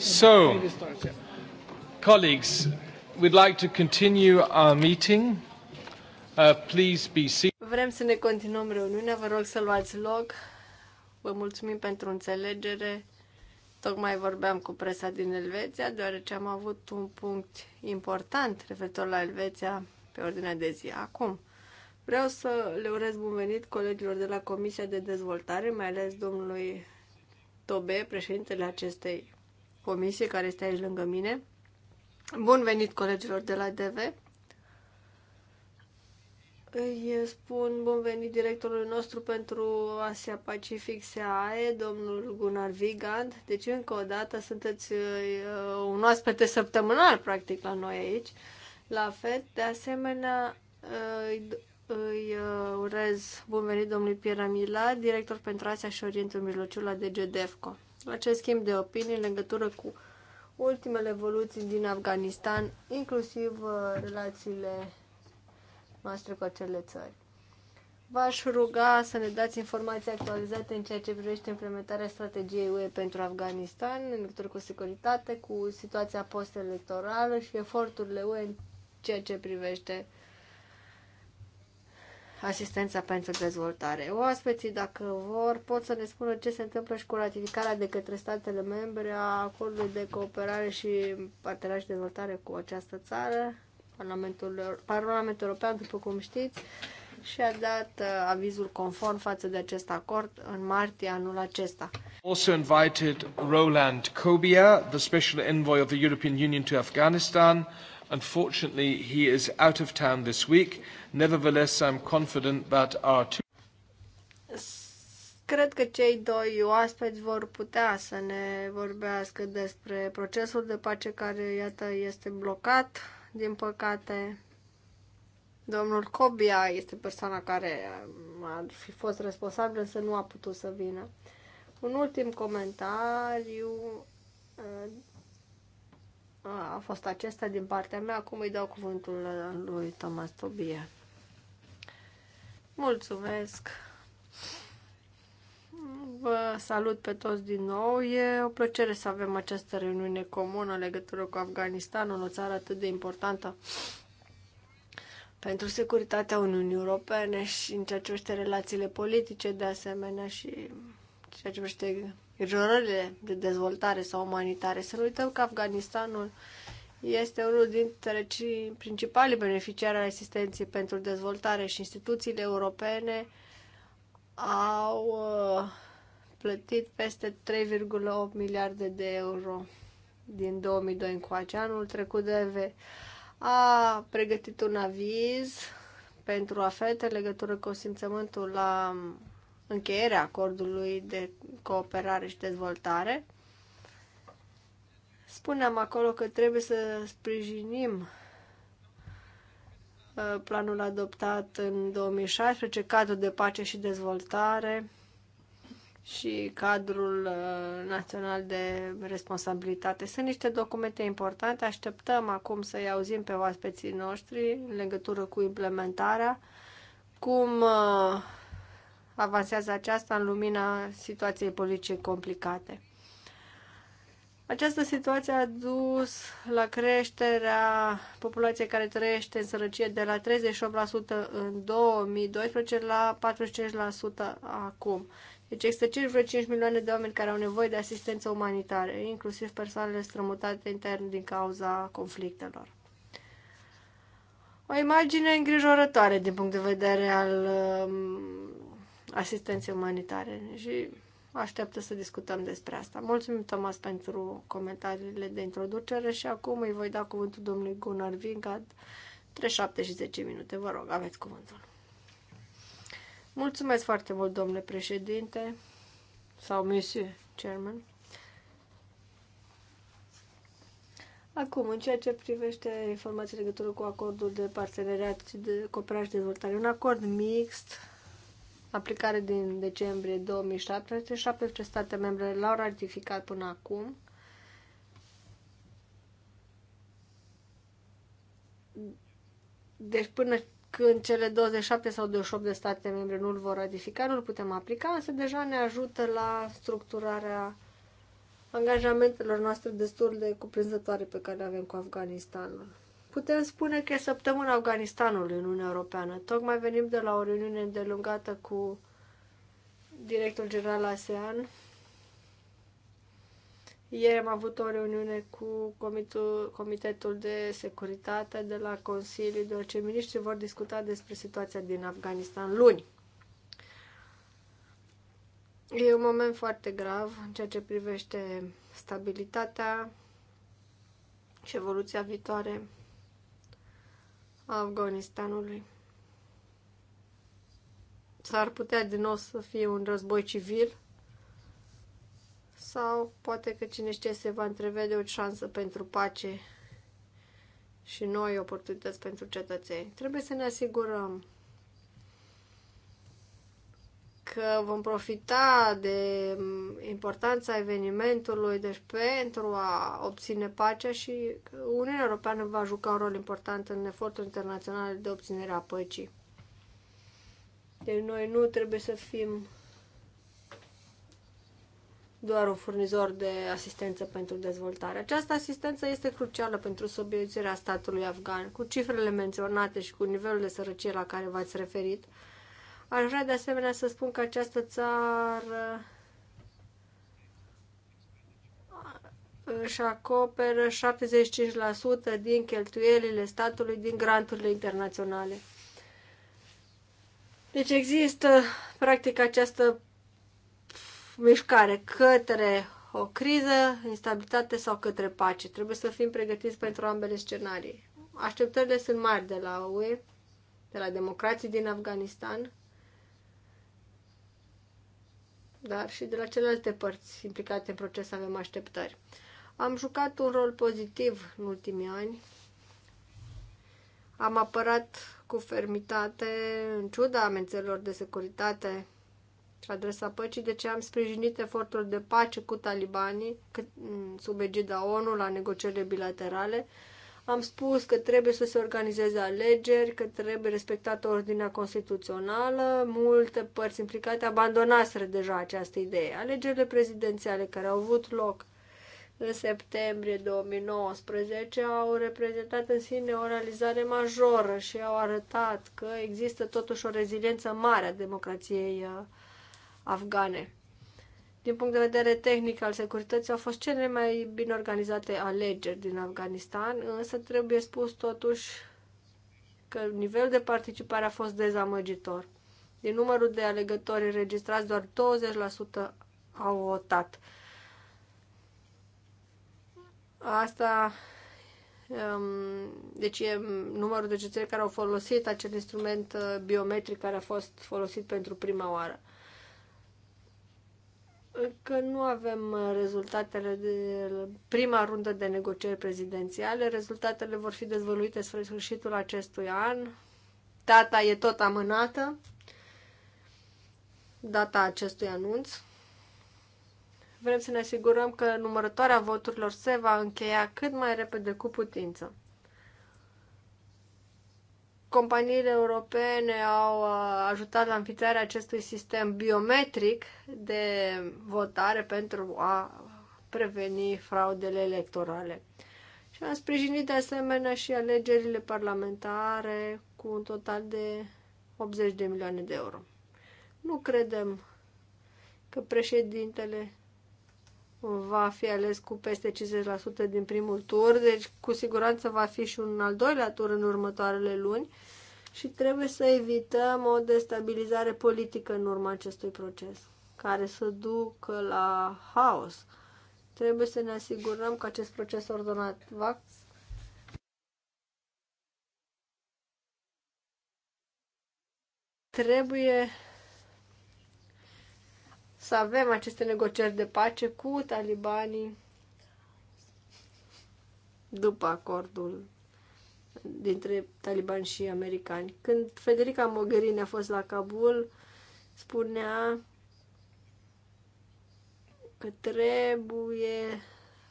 So, colleagues, we'd like to continue our meeting. Uh, please be seated. Vrem să ne continuăm reuniunea, vă rog să luați loc. Vă mulțumim pentru înțelegere. Tocmai vorbeam cu presa din Elveția, deoarece am avut un punct important referitor la Elveția pe ordinea de zi. Acum, vreau să le urez bun venit colegilor de la Comisia de Dezvoltare, mai ales domnului Tobe, președintele acestei comisie care este aici lângă mine. Bun venit colegilor de la DV. Îi spun bun venit directorului nostru pentru Asia Pacific SAE, domnul Gunnar Vigand. Deci, încă o dată, sunteți uh, uh, un oaspete săptămânal, practic, la noi aici. La fel, de asemenea, uh, îi, îi urez bun venit domnului Piera director pentru Asia și Orientul Mijlociu la DGDFCO acest schimb de opinii în legătură cu ultimele evoluții din Afganistan, inclusiv uh, relațiile noastre cu acele țări. V-aș ruga să ne dați informații actualizate în ceea ce privește implementarea strategiei UE pentru Afganistan, în legătură cu securitate, cu situația post-electorală și eforturile UE în ceea ce privește asistența pentru dezvoltare. Oaspeții, dacă vor, pot să ne spună ce se întâmplă și cu ratificarea de către statele membre a acordului de cooperare și parteneriat de dezvoltare cu această țară. Parlamentul, Parlamentul European, după cum știți, și a dat uh, avizul conform față de acest acord în martie anul acesta. Also invited Roland Kobia, the special envoy of the European Union to Afghanistan, Unfortunately, he is out of town this week. Nevertheless, I'm confident that our two Cred că cei doi oaspeți vor putea să ne vorbească despre procesul de pace care, iată, este blocat. Din păcate, domnul Cobia este persoana care ar fi fost responsabilă, să nu a putut să vină. Un ultim comentariu a fost acesta din partea mea. Acum îi dau cuvântul lui Thomas Tobia. Mulțumesc! Vă salut pe toți din nou. E o plăcere să avem această reuniune comună în legătură cu Afganistanul, o țară atât de importantă pentru securitatea Uniunii Europene și în ceea ce relațiile politice de asemenea și ceea ce privește îngrijorările de dezvoltare sau umanitare. Să nu uităm că Afganistanul este unul dintre cei principali beneficiari ai asistenței pentru dezvoltare și instituțiile europene au uh, plătit peste 3,8 miliarde de euro din 2002 încoace. Anul trecut DV a pregătit un aviz pentru a fete legătură cu simțământul la um, încheierea acordului de cooperare și dezvoltare. Spuneam acolo că trebuie să sprijinim uh, planul adoptat în 2016, cadrul de pace și dezvoltare și cadrul uh, național de responsabilitate. Sunt niște documente importante, așteptăm acum să-i auzim pe oaspeții noștri în legătură cu implementarea, cum uh, avansează aceasta în lumina situației politice complicate. Această situație a dus la creșterea populației care trăiește în sărăcie de la 38% în 2012 la 45% acum. Deci există 5,5 milioane de oameni care au nevoie de asistență umanitară, inclusiv persoanele strămutate intern din cauza conflictelor. O imagine îngrijorătoare din punct de vedere al um, asistențe umanitare și așteaptă să discutăm despre asta. Mulțumim, Tomas, pentru comentariile de introducere și acum îi voi da cuvântul domnului Gunnar Vingad, 3, 7 și 10 minute. Vă rog, aveți cuvântul. Mulțumesc foarte mult, domnule președinte, sau monsieur chairman. Acum, în ceea ce privește informații legătură cu acordul de parteneriat și de cooperare și dezvoltare, un acord mixt aplicare din decembrie 2017, 17 state membre l-au ratificat până acum. Deci până când cele 27 sau 28 de state membre nu-l vor ratifica, nu-l putem aplica, însă deja ne ajută la structurarea angajamentelor noastre destul de cuprinzătoare pe care le avem cu Afganistanul. Putem spune că e săptămâna Afganistanului în Uniunea Europeană. Tocmai venim de la o reuniune îndelungată cu directorul general ASEAN. Ieri am avut o reuniune cu comitul, Comitetul de Securitate de la Consiliu, deoarece miniștrii vor discuta despre situația din Afganistan luni. E un moment foarte grav în ceea ce privește stabilitatea și evoluția viitoare Afganistanului. S-ar putea din nou să fie un război civil sau poate că cine știe se va întrevede o șansă pentru pace și noi oportunități pentru cetățeni. Trebuie să ne asigurăm că vom profita de importanța evenimentului, deci pentru a obține pacea și Uniunea Europeană va juca un rol important în efortul internațional de obținere a păcii. Deci noi nu trebuie să fim doar un furnizor de asistență pentru dezvoltare. Această asistență este crucială pentru subiecția statului afgan. Cu cifrele menționate și cu nivelul de sărăcie la care v-ați referit, Aș vrea de asemenea să spun că această țară uh, își acoperă 75% din cheltuielile statului din granturile internaționale. Deci există practic această mișcare către o criză, instabilitate sau către pace. Trebuie să fim pregătiți pentru ambele scenarii. Așteptările sunt mari de la UE, de la democrații din Afganistan, dar și de la celelalte părți implicate în proces avem așteptări. Am jucat un rol pozitiv în ultimii ani. Am apărat cu fermitate, în ciuda amenințelor de securitate și adresa păcii, de deci ce am sprijinit efortul de pace cu talibanii mm, sub egida ONU la negocierile bilaterale, am spus că trebuie să se organizeze alegeri, că trebuie respectată ordinea constituțională. Multe părți implicate abandonaseră deja această idee. Alegerile prezidențiale care au avut loc în septembrie 2019 au reprezentat în sine o realizare majoră și au arătat că există totuși o reziliență mare a democrației uh, afgane din punct de vedere tehnic al securității, au fost cele mai bine organizate alegeri din Afganistan, însă trebuie spus totuși că nivelul de participare a fost dezamăgitor. Din numărul de alegători înregistrați, doar 20% au votat. Asta um, deci e numărul de cetățeni care au folosit acel instrument uh, biometric care a fost folosit pentru prima oară că nu avem uh, rezultatele de prima rundă de negocieri prezidențiale. Rezultatele vor fi dezvăluite spre sfârșitul acestui an. Data e tot amânată, data acestui anunț. Vrem să ne asigurăm că numărătoarea voturilor se va încheia cât mai repede cu putință companiile europene au uh, ajutat la înființarea acestui sistem biometric de votare pentru a preveni fraudele electorale. Și am sprijinit de asemenea și alegerile parlamentare cu un total de 80 de milioane de euro. Nu credem că președintele va fi ales cu peste 50% din primul tur, deci cu siguranță va fi și un al doilea tur în următoarele luni și trebuie să evităm o destabilizare politică în urma acestui proces, care să ducă la haos. Trebuie să ne asigurăm că acest proces ordonat va trebuie să avem aceste negocieri de pace cu talibanii după acordul dintre talibani și americani. Când Federica Mogherini a fost la Kabul, spunea că trebuie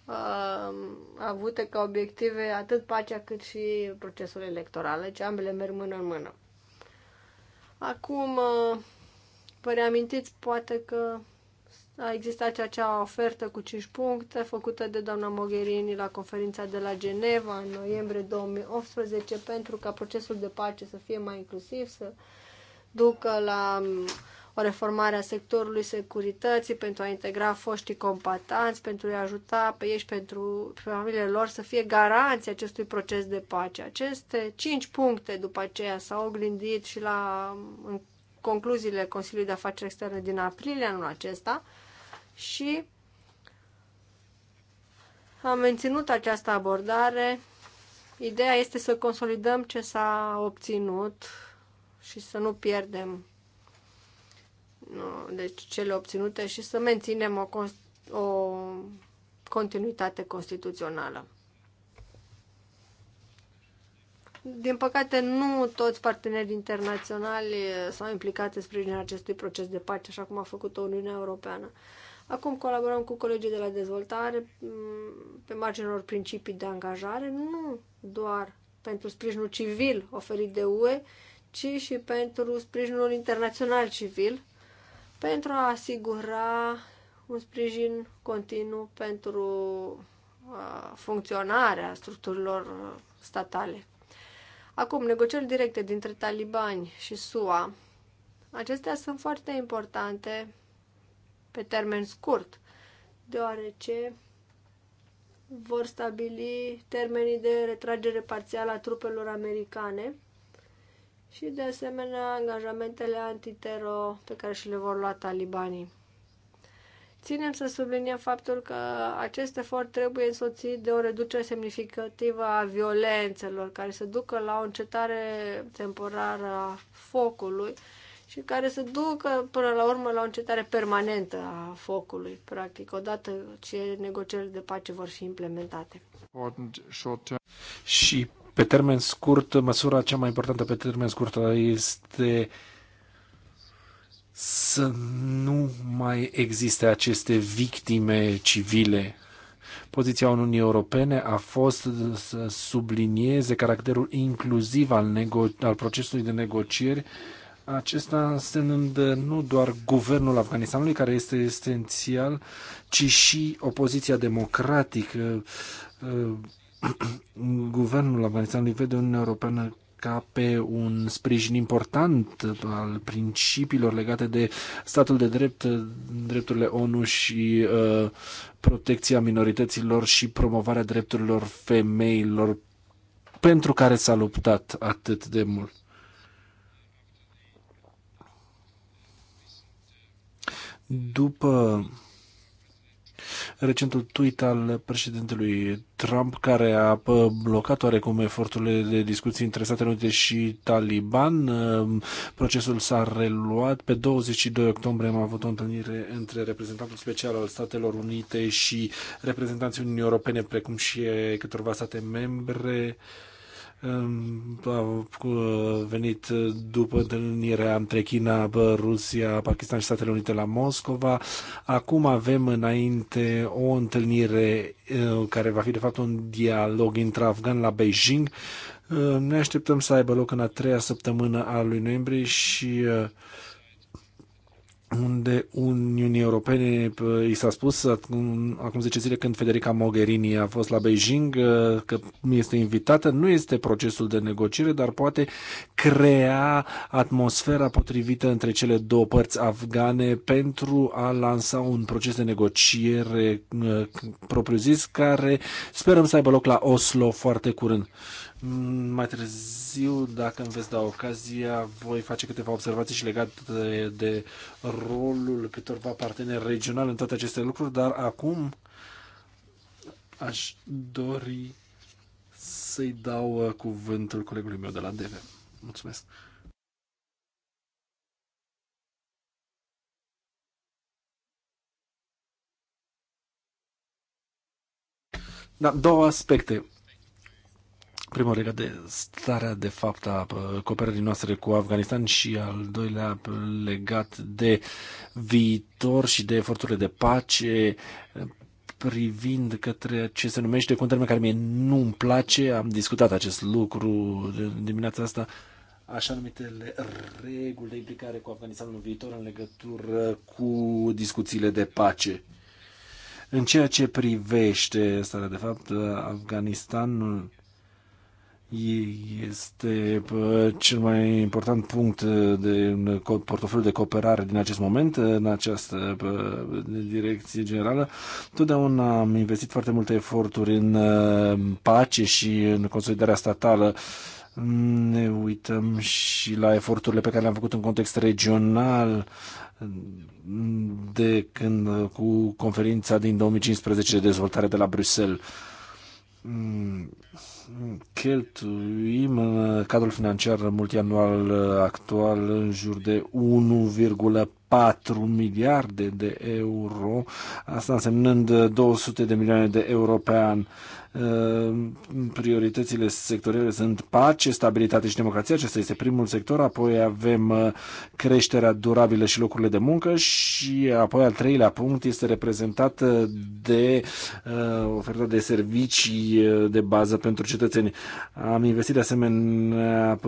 uh, avute ca obiective atât pacea cât și procesul electoral. Deci ambele merg mână în mână. Acum, uh, vă reamintiți poate că a existat acea ofertă cu 5 puncte făcută de doamna Mogherini la conferința de la Geneva în noiembrie 2018 pentru ca procesul de pace să fie mai inclusiv, să ducă la o reformare a sectorului securității pentru a integra foștii combatanți, pentru a-i ajuta pe ei și pentru familiile lor să fie garanții acestui proces de pace. Aceste cinci puncte după aceea s-au oglindit și la în concluziile Consiliului de Afaceri Externe din aprilie anul acesta, și am menținut această abordare. Ideea este să consolidăm ce s-a obținut și să nu pierdem deci cele obținute și să menținem o, o continuitate constituțională. Din păcate, nu toți partenerii internaționali s-au implicat în sprijinirea acestui proces de pace, așa cum a făcut-o Uniunea Europeană. Acum colaborăm cu colegii de la dezvoltare mm, pe marginea unor principii de angajare, nu doar pentru sprijinul civil oferit de UE, ci și pentru sprijinul internațional civil, pentru a asigura un sprijin continuu pentru funcționarea structurilor statale. Acum, negocieri directe dintre talibani și SUA. Acestea sunt foarte importante pe termen scurt, deoarece vor stabili termenii de retragere parțială a trupelor americane și, de asemenea, angajamentele antitero pe care și le vor lua talibanii. Ținem să subliniem faptul că acest efort trebuie însoțit de o reducere semnificativă a violențelor, care să ducă la o încetare temporară a focului, și care să ducă până la urmă la o încetare permanentă a focului, practic, odată ce negocierile de pace vor fi implementate. Și pe termen scurt, măsura cea mai importantă pe termen scurt este să nu mai existe aceste victime civile Poziția Uniunii Europene a fost să sublinieze caracterul inclusiv al, nego- al procesului de negocieri acesta însemnând nu doar guvernul Afganistanului, care este esențial, ci și opoziția democratică. Guvernul Afganistanului vede Uniunea Europeană ca pe un sprijin important al principiilor legate de statul de drept, drepturile ONU și uh, protecția minorităților și promovarea drepturilor femeilor pentru care s-a luptat atât de mult. După recentul tweet al președintelui Trump, care a blocat oarecum eforturile de discuții între Statele Unite și Taliban. Um, procesul s-a reluat. Pe 22 octombrie am avut o întâlnire între reprezentantul special al Statelor Unite și reprezentanții Uniunii Europene, precum și câteva state membre. Uh, a venit după întâlnirea între China, Rusia, Pakistan și Statele Unite la Moscova. Acum avem înainte o întâlnire care va fi de fapt un dialog intra-afgan la Beijing. Ne așteptăm să aibă loc în a treia săptămână a lui noiembrie și uh, unde Uniunii Europene i s-a spus acum, 10 zile când Federica Mogherini a fost la Beijing uh, că este invitată, nu este procesul de negociere, dar poate crea atmosfera potrivită între cele două părți afgane pentru a lansa un proces de negociere uh, propriu-zis care sperăm să aibă loc la Oslo foarte curând. Mm, mai târziu, dacă îmi veți da ocazia, voi face câteva observații și legate de, de rolul câtorva parteneri regionali în toate aceste lucruri, dar acum aș dori să-i dau uh, cuvântul colegului meu de la DV. Mulțumesc! Da, două aspecte Primul legat de starea de fapt a uh, cooperării noastre cu Afganistan și al doilea uh, legat de viitor și de eforturile de pace uh, privind către ce se numește cu un termen care mie nu-mi place, am discutat acest lucru dimineața asta, așa numitele reguli de implicare cu Afganistanul în viitor în legătură cu discuțiile de pace. În ceea ce privește starea de fapt, Afganistanul este uh, cel mai important punct de portofoliu de cooperare din acest moment, uh, în această uh, direcție generală. Totdeauna am investit foarte multe eforturi în pace și în consolidarea statală ne uităm și la eforturile pe care le-am făcut în context regional de când cu conferința din 2015 de dezvoltare de la Bruxelles cheltuim în uh, cadrul financiar multianual uh, actual în jur de 1,4 miliarde de euro, asta însemnând 200 uh, de milioane de euro pe an. Ehm, prioritățile sectoriale sunt pace, stabilitate și democrație. Acesta este primul sector. Apoi avem uh, creșterea durabilă și locurile de muncă și apoi al treilea punct este reprezentat uh, de uh, oferta de servicii de bază pentru cetățeni. Am investit de asemenea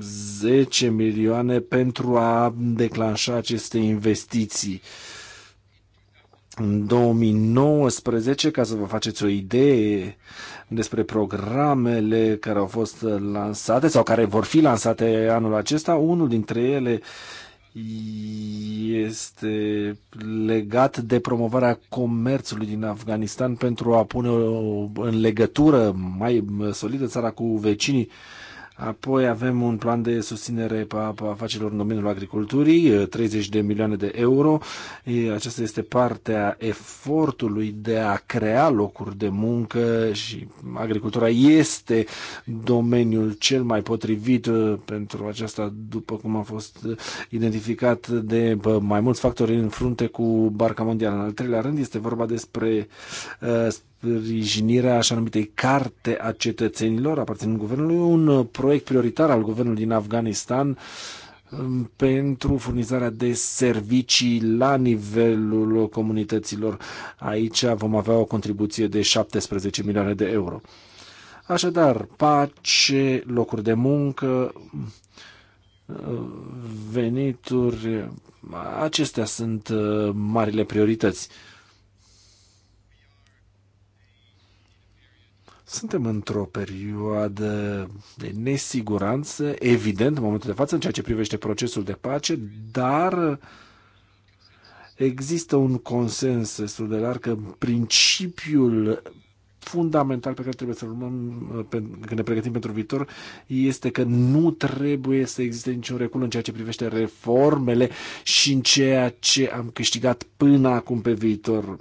10 milioane pentru a declanșa aceste investiții în 2019, ca să vă faceți o idee despre programele care au fost lansate sau care vor fi lansate anul acesta, unul dintre ele este legat de promovarea comerțului din Afganistan pentru a pune în legătură mai solidă țara cu vecinii Apoi avem un plan de susținere a afacerilor în domeniul agriculturii, 30 eh, de milioane de euro. Eh, aceasta este partea efortului de a crea locuri de muncă și agricultura este domeniul cel mai potrivit eh, pentru aceasta, după cum a fost identificat de mai mulți factori în frunte cu Barca Mondială. În al treilea rând este vorba despre sprijinirea așa numitei carte a cetățenilor aparținând guvernului, un uh, proiect prioritar al guvernului din Afganistan um, pentru furnizarea de servicii la nivelul comunităților. Aici vom avea o contribuție de 17 milioane de euro. Așadar, pace, locuri de muncă, uh, venituri, acestea sunt uh, marile priorități. Suntem într-o perioadă de nesiguranță, evident, în momentul de față, în ceea ce privește procesul de pace, dar există un consens destul de larg că principiul fundamental pe care trebuie să-l urmăm uh, când ne pregătim pentru viitor este că nu trebuie să existe niciun recul în ceea ce privește reformele și în ceea ce am câștigat până acum pe viitor.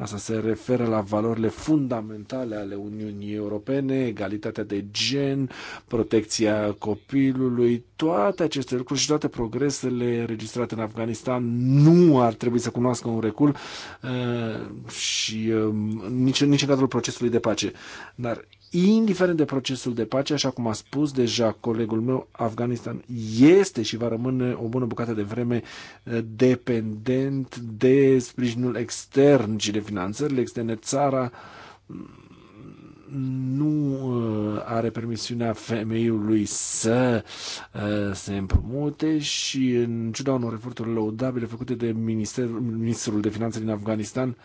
Asta se referă la valorile fundamentale ale Uniunii Europene, egalitatea de gen, protecția copilului, toate aceste lucruri și toate progresele registrate în Afganistan nu ar trebui să cunoască un recul uh, și uh, nici, nici în cadrul procesului de pace. Dar indiferent de procesul de pace, așa cum a spus deja colegul meu, Afganistan este și va rămâne o bună bucată de vreme eh, dependent de sprijinul extern și de finanțările externe. Țara mm, nu eh, are permisiunea femeiului să eh, se împrumute și în ciuda unor eforturi lăudabile făcute de Ministerul, Ministerul de Finanțe din Afganistan,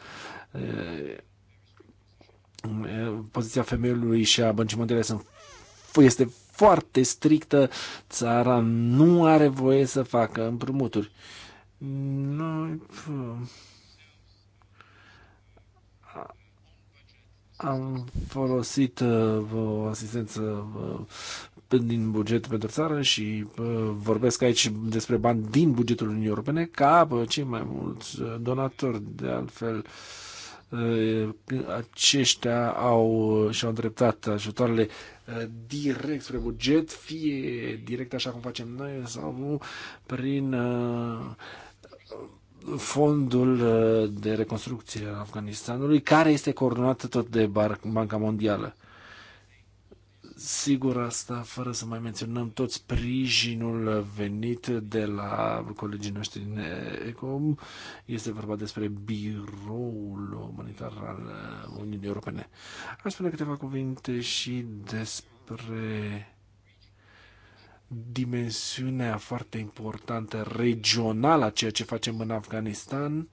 Mm, poziția femeilor și a băncii mondiale sunt, este foarte strictă, țara nu are voie să facă împrumuturi. Noi am folosit uh, o asistență din buget pentru țară și uh, vorbesc aici despre bani din bugetul Uniunii Europene ca cei mai mulți uh, donatori de altfel uh, Uh, aceștia au, și-au îndreptat ajutoarele uh, direct spre buget, fie direct așa cum facem noi sau prin uh, fondul de reconstrucție a Afganistanului, care este coordonat tot de Banca Mondială. Sigur, asta fără să mai menționăm tot sprijinul venit de la colegii noștri din ECOM. Este vorba despre biroul umanitar al Uniunii Europene. Aș spune câteva cuvinte și despre dimensiunea foarte importantă regională a ceea ce facem în Afganistan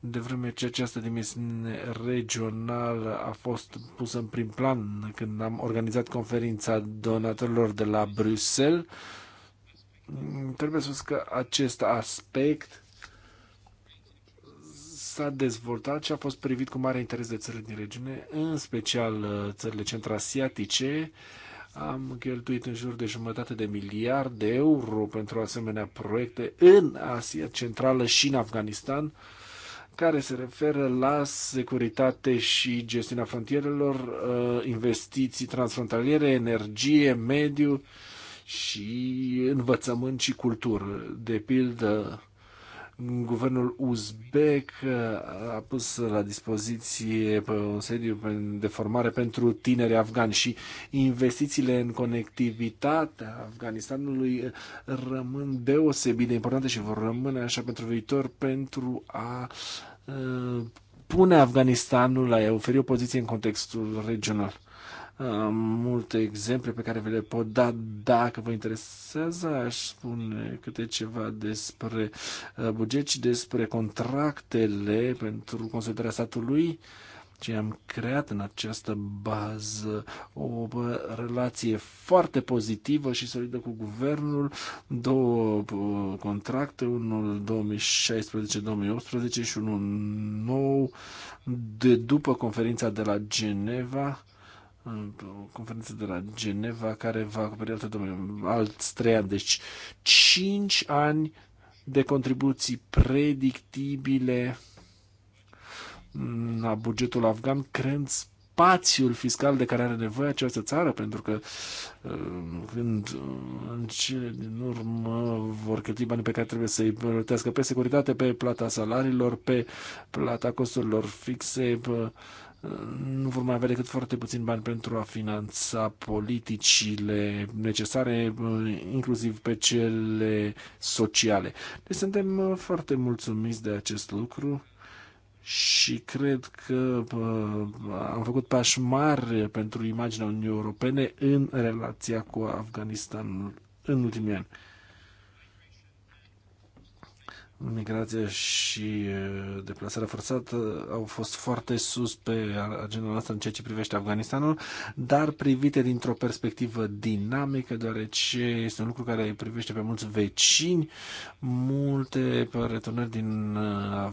de vreme ce această dimensiune regională a fost pusă în prim plan când am organizat conferința donatorilor de la Bruxelles, trebuie spus că acest aspect s-a dezvoltat și a fost privit cu mare interes de țările din regiune, în special uh, țările centrasiatice. Am cheltuit în jur de jumătate de miliard de euro pentru asemenea proiecte în Asia Centrală și în Afganistan care se referă la securitate și gestiunea frontierelor, uh, investiții transfrontaliere, energie, mediu și învățământ și cultură. De pildă, Guvernul uzbek uh, a pus la dispoziție uh, un sediu de formare pentru tineri afgani și investițiile în conectivitatea Afganistanului uh, rămân deosebit de importante și vor rămâne așa pentru viitor pentru a pune Afganistanul, a oferi o poziție în contextul regional multe exemple pe care vi le pot da dacă vă interesează. Aș spune câte ceva despre uh, buget și despre contractele pentru consolidarea statului ce am creat în această bază o relație foarte pozitivă și solidă cu guvernul, două contracte, unul 2016-2018 și unul nou de după conferința de la Geneva conferință de la Geneva care va acoperi alte domenii, alți trei ani, deci cinci ani de contribuții predictibile la bugetul afgan, creând spațiul fiscal de care are nevoie această țară, pentru că uh, când uh, în cele din urmă vor cheltui banii pe care trebuie să-i plătească pe securitate, pe plata salariilor, pe plata costurilor fixe, pe nu vor mai avea decât foarte puțin bani pentru a finanța politicile necesare, inclusiv pe cele sociale. Deci suntem uh, foarte mulțumiți de acest lucru și cred că uh, am făcut pași mari pentru imaginea Uniunii Europene în relația cu Afganistanul în ultimii ani migrația și uh, deplasarea forțată au fost foarte sus pe agenda noastră în ceea ce privește Afganistanul, dar privite dintr-o perspectivă dinamică, deoarece este un lucru care privește pe mulți vecini, multe returnări din uh,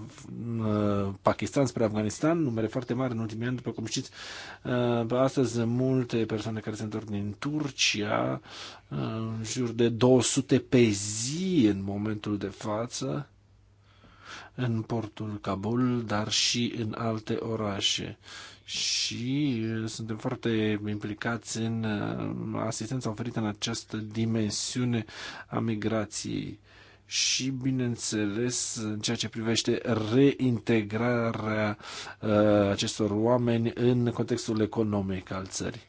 uh, Pakistan spre Afganistan, numere foarte mari în ultimii ani, după cum știți, astăzi multe persoane care se întorc din Turcia, în jur de 200 pe zi în momentul de față, în portul Kabul, dar și în alte orașe. Și uh, suntem foarte implicați în uh, asistența oferită în această dimensiune a migrației și, bineînțeles, în ceea ce privește reintegrarea uh, acestor oameni în contextul economic al țării.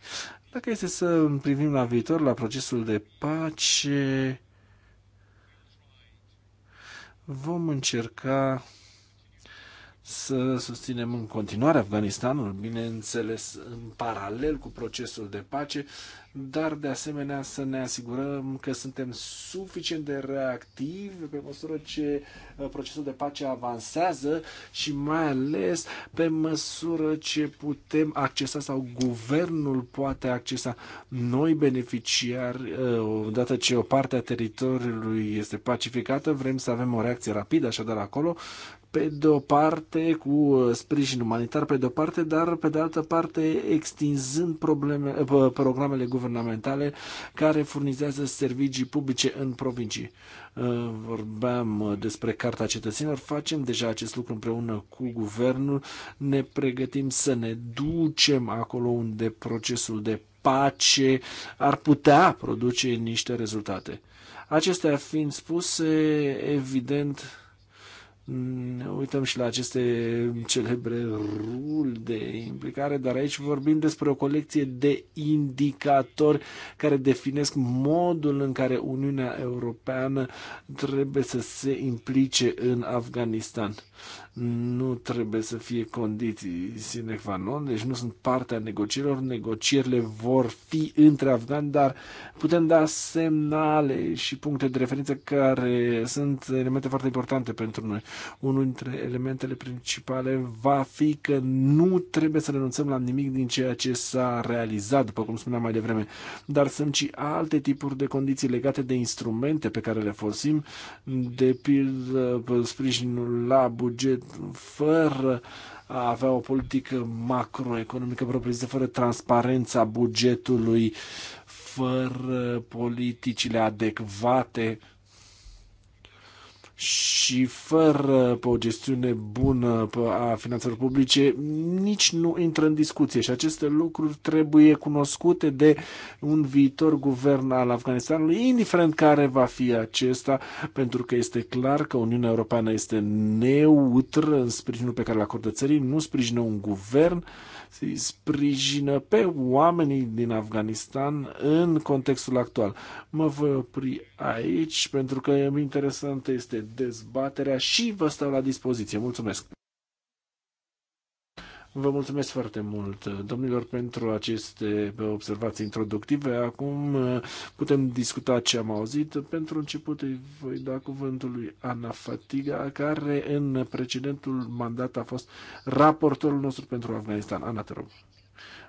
Dacă este să privim la viitor, la procesul de pace, Vom încerca să susținem în continuare Afganistanul, bineînțeles în paralel cu procesul de pace, dar de asemenea să ne asigurăm că suntem suficient de reactivi pe măsură ce uh, procesul de pace avansează și mai ales pe măsură ce putem accesa sau guvernul poate accesa noi beneficiari uh, odată ce o parte a teritoriului este pacificată, vrem să avem o reacție rapidă așadar acolo pe de o parte cu uh, sprijin umanitar, pe de o parte, dar pe de altă parte extinzând probleme, uh, programele guvernamentale care furnizează servicii publice în provincii. Uh, vorbeam despre Carta Cetățenilor, facem deja acest lucru împreună cu guvernul, ne pregătim să ne ducem acolo unde procesul de pace ar putea produce niște rezultate. Acestea fiind spuse, evident, Mm, ne uităm și la aceste celebre ruli de implicare, dar aici vorbim despre o colecție de indicatori care definesc modul în care Uniunea Europeană trebuie să se implice în Afganistan nu trebuie să fie condiții sine qua non, deci nu sunt partea negocierilor. Negocierile vor fi între afgani, dar putem da semnale și puncte de referință care sunt elemente foarte importante pentru noi. Unul dintre elementele principale va fi că nu trebuie să renunțăm la nimic din ceea ce s-a realizat, după cum spuneam mai devreme, dar sunt și alte tipuri de condiții legate de instrumente pe care le folosim, de pildă sprijinul la buget fără a avea o politică macroeconomică propriu-zisă, fără transparența bugetului, fără politicile adecvate și fără o gestiune bună a finanțelor publice nici nu intră în discuție și aceste lucruri trebuie cunoscute de un viitor guvern al Afganistanului, indiferent care va fi acesta, pentru că este clar că Uniunea Europeană este neutră în sprijinul pe care îl acordă țării, nu sprijină un guvern uh, să-i sprijină pe oamenii din Afganistan în contextul actual. Mă voi opri aici pentru că interesantă este dezbaterea și vă stau la dispoziție. Mulțumesc! Vă mulțumesc foarte mult, domnilor, pentru aceste observații introductive. Acum uh, putem discuta ce am auzit. Pentru început îi voi da cuvântul lui Ana Fatiga, care în precedentul mandat a fost raportorul nostru pentru Afganistan. Ana, te rog.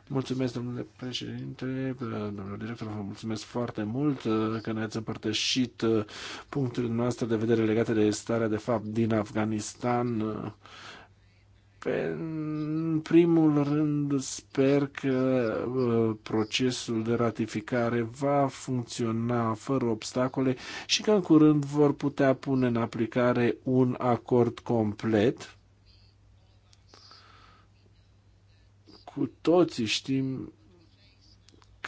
Mulțumesc, domnule președinte, domnule director, vă mulțumesc foarte mult uh, că ne-ați împărtășit uh, punctul noastre de vedere legate de starea de fapt din Afganistan pe, în primul rând, sper că uh, procesul de ratificare va funcționa fără obstacole și că în curând vor putea pune în aplicare un acord complet. Cu toții știm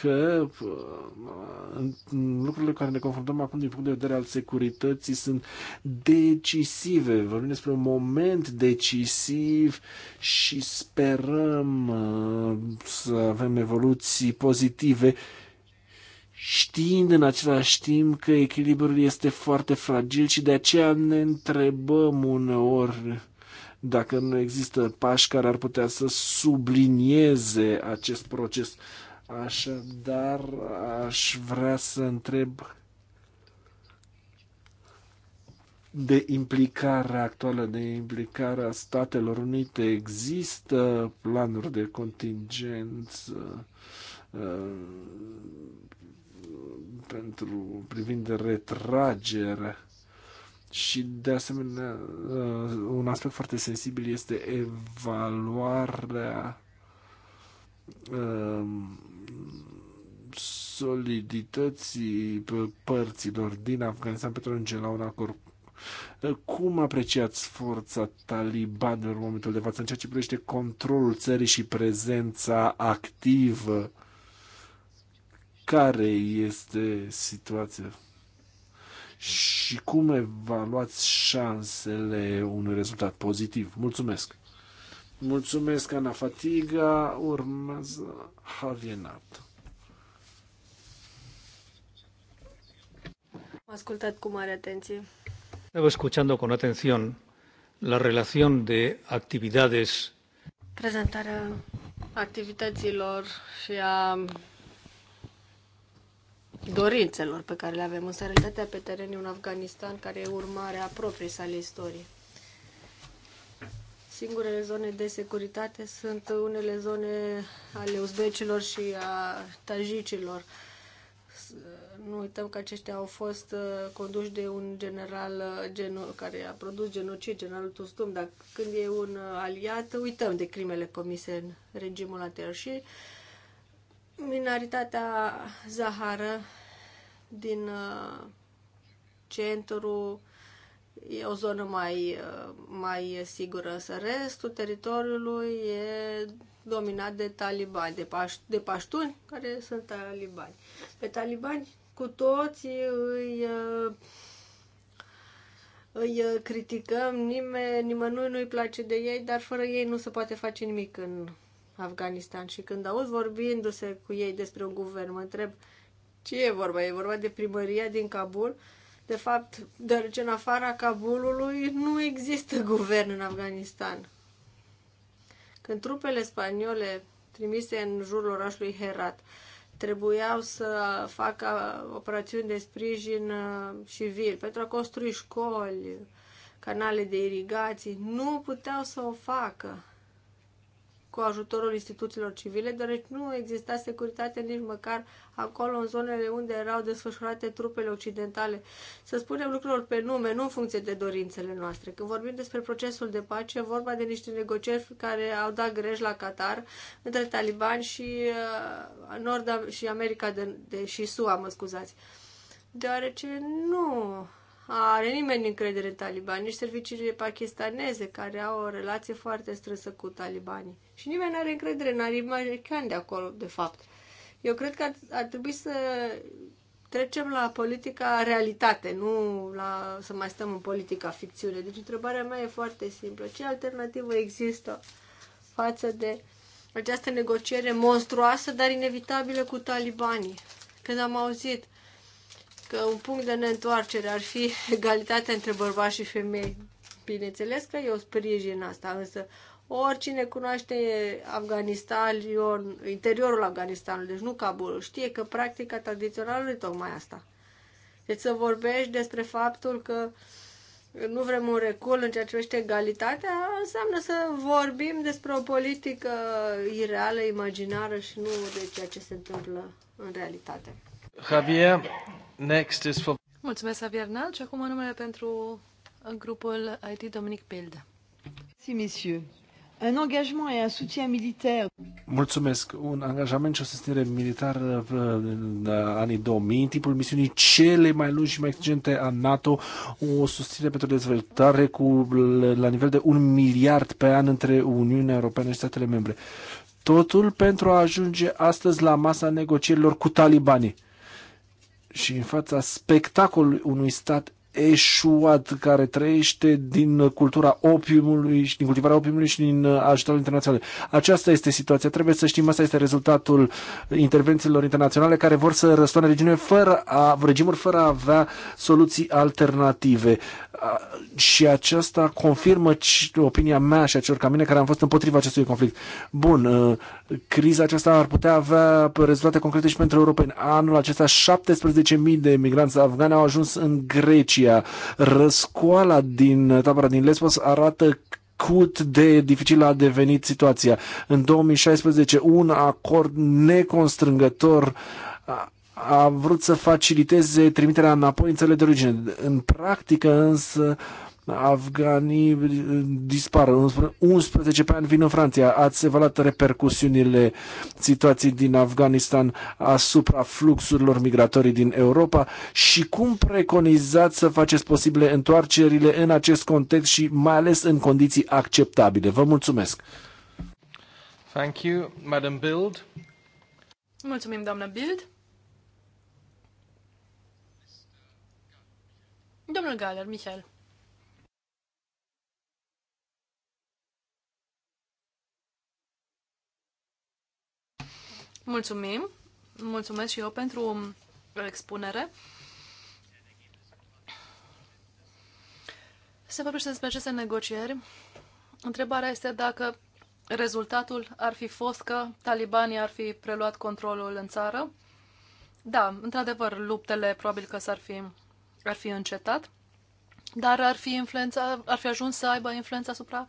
că uh, lucrurile care ne confruntăm acum din punct de vedere al securității sunt decisive. Vorbim despre un moment decisiv și sperăm uh, să avem evoluții pozitive știind în același timp că echilibrul este foarte fragil și de aceea ne întrebăm uneori dacă nu există pași care ar putea să sublinieze acest proces. Așadar, aș vrea să întreb de implicarea actuală, de implicarea Statelor Unite. Există planuri de contingență uh, pentru privind retragere și de asemenea uh, un aspect foarte sensibil este evaluarea Ehm, solidității părților din Afganistan pentru a la un acord. Cum apreciați forța talibanilor în momentul de față în ceea ce privește controlul țării și prezența activă? Care este situația? Și cum evaluați șansele unui rezultat pozitiv? Mulțumesc! Mulțumesc, Ana Fatiga. Urmează Havienat. Am ascultat cu mare atenție. Estaba escuchando con atención la relación de actividades. Prezentarea activităților și a dorințelor pe care le avem. Însă realitatea pe terenul în Afganistan, care e urmarea propriei sale istorii. Singurele zone de securitate sunt unele zone ale uzbecilor și a tajicilor. Nu uităm că aceștia au fost uh, conduși de un general uh, geno care a produs genocid, generalul Tustum, dar când e un uh, aliat, uităm de crimele comise în regimul anterior. Și minoritatea zahară din centrul e o zonă mai, uh, mai sigură, Să restul teritoriului e dominat de talibani, de, paș, de paștuni care sunt talibani. Pe talibani cu toți îi, uh, îi criticăm, nimeni, nimănui nu-i place de ei, dar fără ei nu se poate face nimic în Afganistan. Și când aud vorbindu-se cu ei despre un guvern, mă întreb ce e vorba? E vorba de primăria din Kabul? Uh, de fapt, deoarece în afara Kabulului nu există guvern în Afganistan. Când trupele spaniole trimise în jurul orașului Herat trebuiau să facă operațiuni de sprijin uh, civil pentru a construi școli, canale de irigații, nu puteau să o facă cu ajutorul instituțiilor civile, deoarece nu exista securitate nici măcar acolo, în zonele unde erau desfășurate trupele occidentale. Să spunem lucrurile pe nume, nu în funcție de dorințele noastre. Când vorbim despre procesul de pace, e vorba de niște negocieri care au dat greș la Qatar între talibani și uh, Nord și America de, de, și SUA, mă scuzați. Deoarece nu are nimeni încredere în talibani, nici serviciile pakistaneze, care au o relație foarte strânsă cu talibanii. Și nimeni nu are încredere în arabii americani de acolo, de fapt. Eu cred că ar, ar trebui să trecem la politica realitate, nu la să mai stăm în politica ficțiune. Deci întrebarea mea e foarte simplă. Ce alternativă există față de această negociere monstruoasă, dar inevitabilă cu talibanii? Când am auzit că un punct de neîntoarcere ar fi egalitatea între bărbați și femei. Bineînțeles că eu sprijin asta, însă oricine cunoaște Afganistanul, interiorul Afganistanului, deci nu Kabul, știe că practica tradițională nu e tocmai asta. Deci să vorbești despre faptul că nu vrem un recul în ceea ce privește egalitatea, înseamnă să vorbim despre o politică ireală, imaginară și nu de ceea ce se întâmplă în realitate. Javier. Next is for... Mulțumesc, Javier Nal. Și acum numele pentru grupul IT Dominic Pild. Si, messieurs. Un engagement et un soutien militaire. Mulțumesc. Un angajament și o susținere militară uh, în anii 2000, în timpul misiunii cele mai lungi și mai exigente a NATO, o susținere pentru dezvoltare cu, la nivel de un miliard pe an între Uniunea Europeană și statele membre. Totul pentru a ajunge astăzi la masa negocierilor cu talibanii și în fața spectacolului unui stat eșuat, care trăiește din cultura opiumului și din cultivarea opiumului și din ajutorul internațional. Aceasta este situația. Trebuie să știm, asta este rezultatul intervențiilor internaționale care vor să răstoane regiune fără a, regimuri fără a avea soluții alternative. Și aceasta confirmă opinia mea și a celor ca mine care am fost împotriva acestui conflict. Bun, criza aceasta ar putea avea rezultate concrete și pentru europeni. Anul acesta 17.000 de migranți afgani au ajuns în Grecia Grecia. Răscoala din tabăra din Lesbos arată cât de dificilă a devenit situația. În 2016, un acord neconstrângător a vrut să faciliteze trimiterea înapoi în țările de origine. În practică, însă, uh, afganii eh, dispar, 11 pe ani vin în Franția. Ați evaluat repercusiunile situației din Afganistan asupra fluxurilor migratorii din Europa și cum preconizați să faceți posibile întoarcerile în acest context și mai ales în condiții acceptabile? Vă mulțumesc! Thank you, Madam Bild. Mulțumim, doamnă Bild. Domnul Galer, Michel. Mulțumim! Mulțumesc și eu pentru uh, expunere. Se vorbește despre aceste negocieri. Întrebarea este dacă rezultatul ar fi fost că talibanii ar fi preluat controlul în țară. Da, într-adevăr, luptele probabil că s-ar fi, ar fi încetat, dar ar fi, influența, ar fi ajuns să aibă influența asupra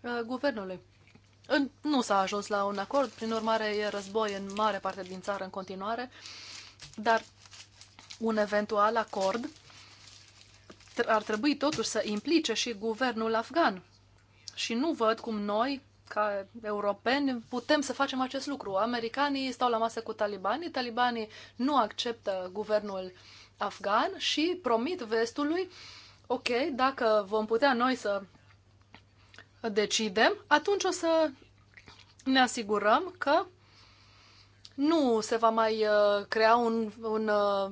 uh, guvernului nu s-a ajuns la un acord, prin urmare e război în mare parte din țară în continuare, dar un eventual acord ar trebui totuși să implice și guvernul afgan. Și nu văd cum noi, ca europeni, putem să facem acest lucru. Americanii stau la masă cu talibanii, talibanii nu acceptă guvernul afgan și promit vestului, ok, dacă vom putea noi să decidem, atunci o să ne asigurăm că nu se va mai uh, crea un, un uh,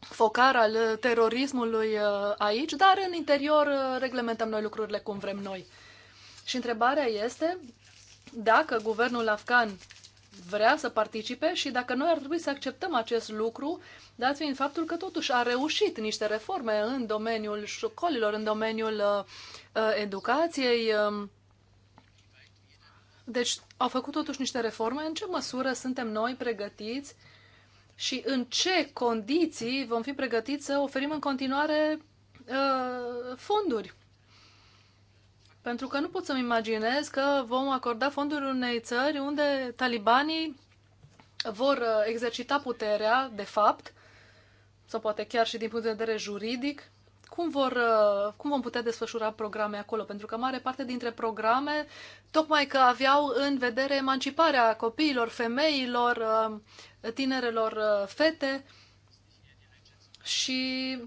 focar al terorismului uh, aici, dar în interior reglementăm noi lucrurile cum vrem noi. Și întrebarea este dacă guvernul afgan vrea să participe și dacă noi ar trebui să acceptăm acest lucru, dat fiind faptul că totuși a reușit niște reforme în domeniul școlilor, în domeniul uh, educației, uh, deci au făcut totuși niște reforme. În ce măsură suntem noi pregătiți și în ce condiții vom fi pregătiți să oferim în continuare uh, fonduri? Pentru că nu pot să-mi imaginez că vom acorda fonduri unei țări unde talibanii vor uh, exercita puterea, de fapt, sau poate chiar și din punct de vedere juridic, cum, vor, uh, cum vom putea desfășura programe acolo, pentru că mare parte dintre programe, tocmai că aveau în vedere emanciparea copiilor, femeilor, uh, tinerelor uh, fete și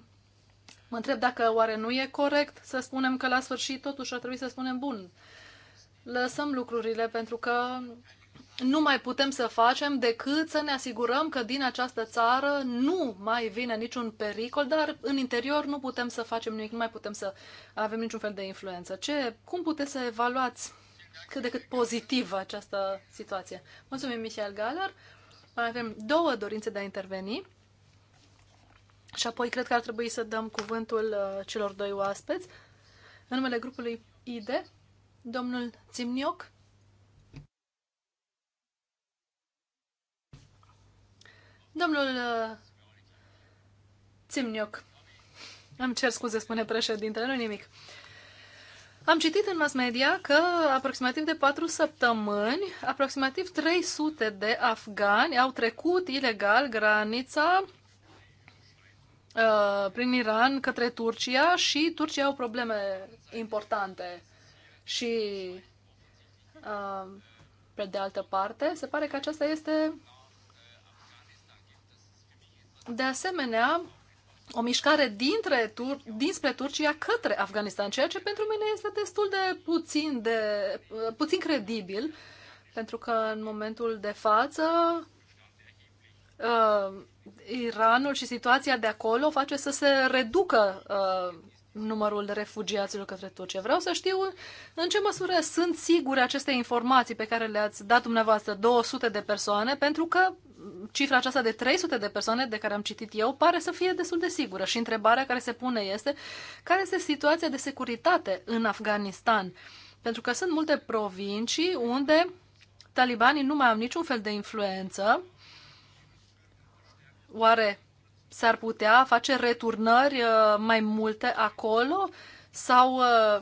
mă întreb dacă oare nu e corect să spunem că la sfârșit totuși ar trebui să spunem bun, lăsăm lucrurile pentru că nu mai putem să facem decât să ne asigurăm că din această țară nu mai vine niciun pericol, dar în interior nu putem să facem nimic, nu mai putem să avem niciun fel de influență. Ce, cum puteți să evaluați cât de cât pozitivă această situație? Mulțumim, Michael Galler. Mai avem două dorințe de a interveni. Și apoi cred că ar trebui să dăm cuvântul uh, celor doi oaspeți. În numele grupului ID, domnul Zimnioc Domnul uh, Țimnioc. îmi cer scuze, spune președintele, nu nimic. Am citit în mass media că aproximativ de patru săptămâni, aproximativ 300 de afgani au trecut ilegal granița uh, prin Iran către Turcia și Turcia au probleme importante. Și, uh, pe de altă parte, se pare că aceasta este de asemenea, o mișcare dintre Tur- dinspre Turcia către Afganistan, ceea ce pentru mine este destul de puțin, de, uh, puțin credibil, pentru că în momentul de față uh, Iranul și situația de acolo face să se reducă uh, numărul refugiaților către Turcia. Vreau să știu în ce măsură sunt sigure aceste informații pe care le-ați dat dumneavoastră, 200 de persoane, pentru că cifra aceasta de 300 de persoane de care am citit eu pare să fie destul de sigură și întrebarea care se pune este care este situația de securitate în Afganistan? Pentru că sunt multe provincii unde talibanii nu mai au niciun fel de influență. Oare s-ar putea face returnări uh, mai multe acolo sau uh,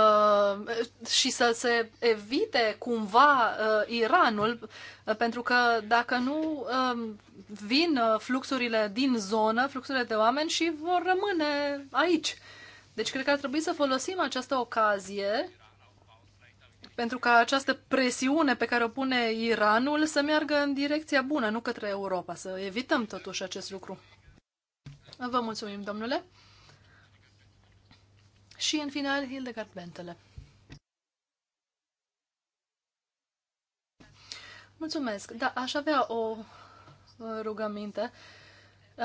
Uh, și să se evite cumva uh, Iranul, uh, pentru că dacă nu um, vin fluxurile din zonă, fluxurile de oameni și vor rămâne aici. Deci cred că ar trebui să folosim această ocazie pentru ca această presiune pe care o pune Iranul să meargă în direcția bună, nu către Europa, să evităm totuși acest lucru. Vă mulțumim, domnule și, în final, Hildegard Bentele. Mulțumesc. Da, aș avea o rugăminte.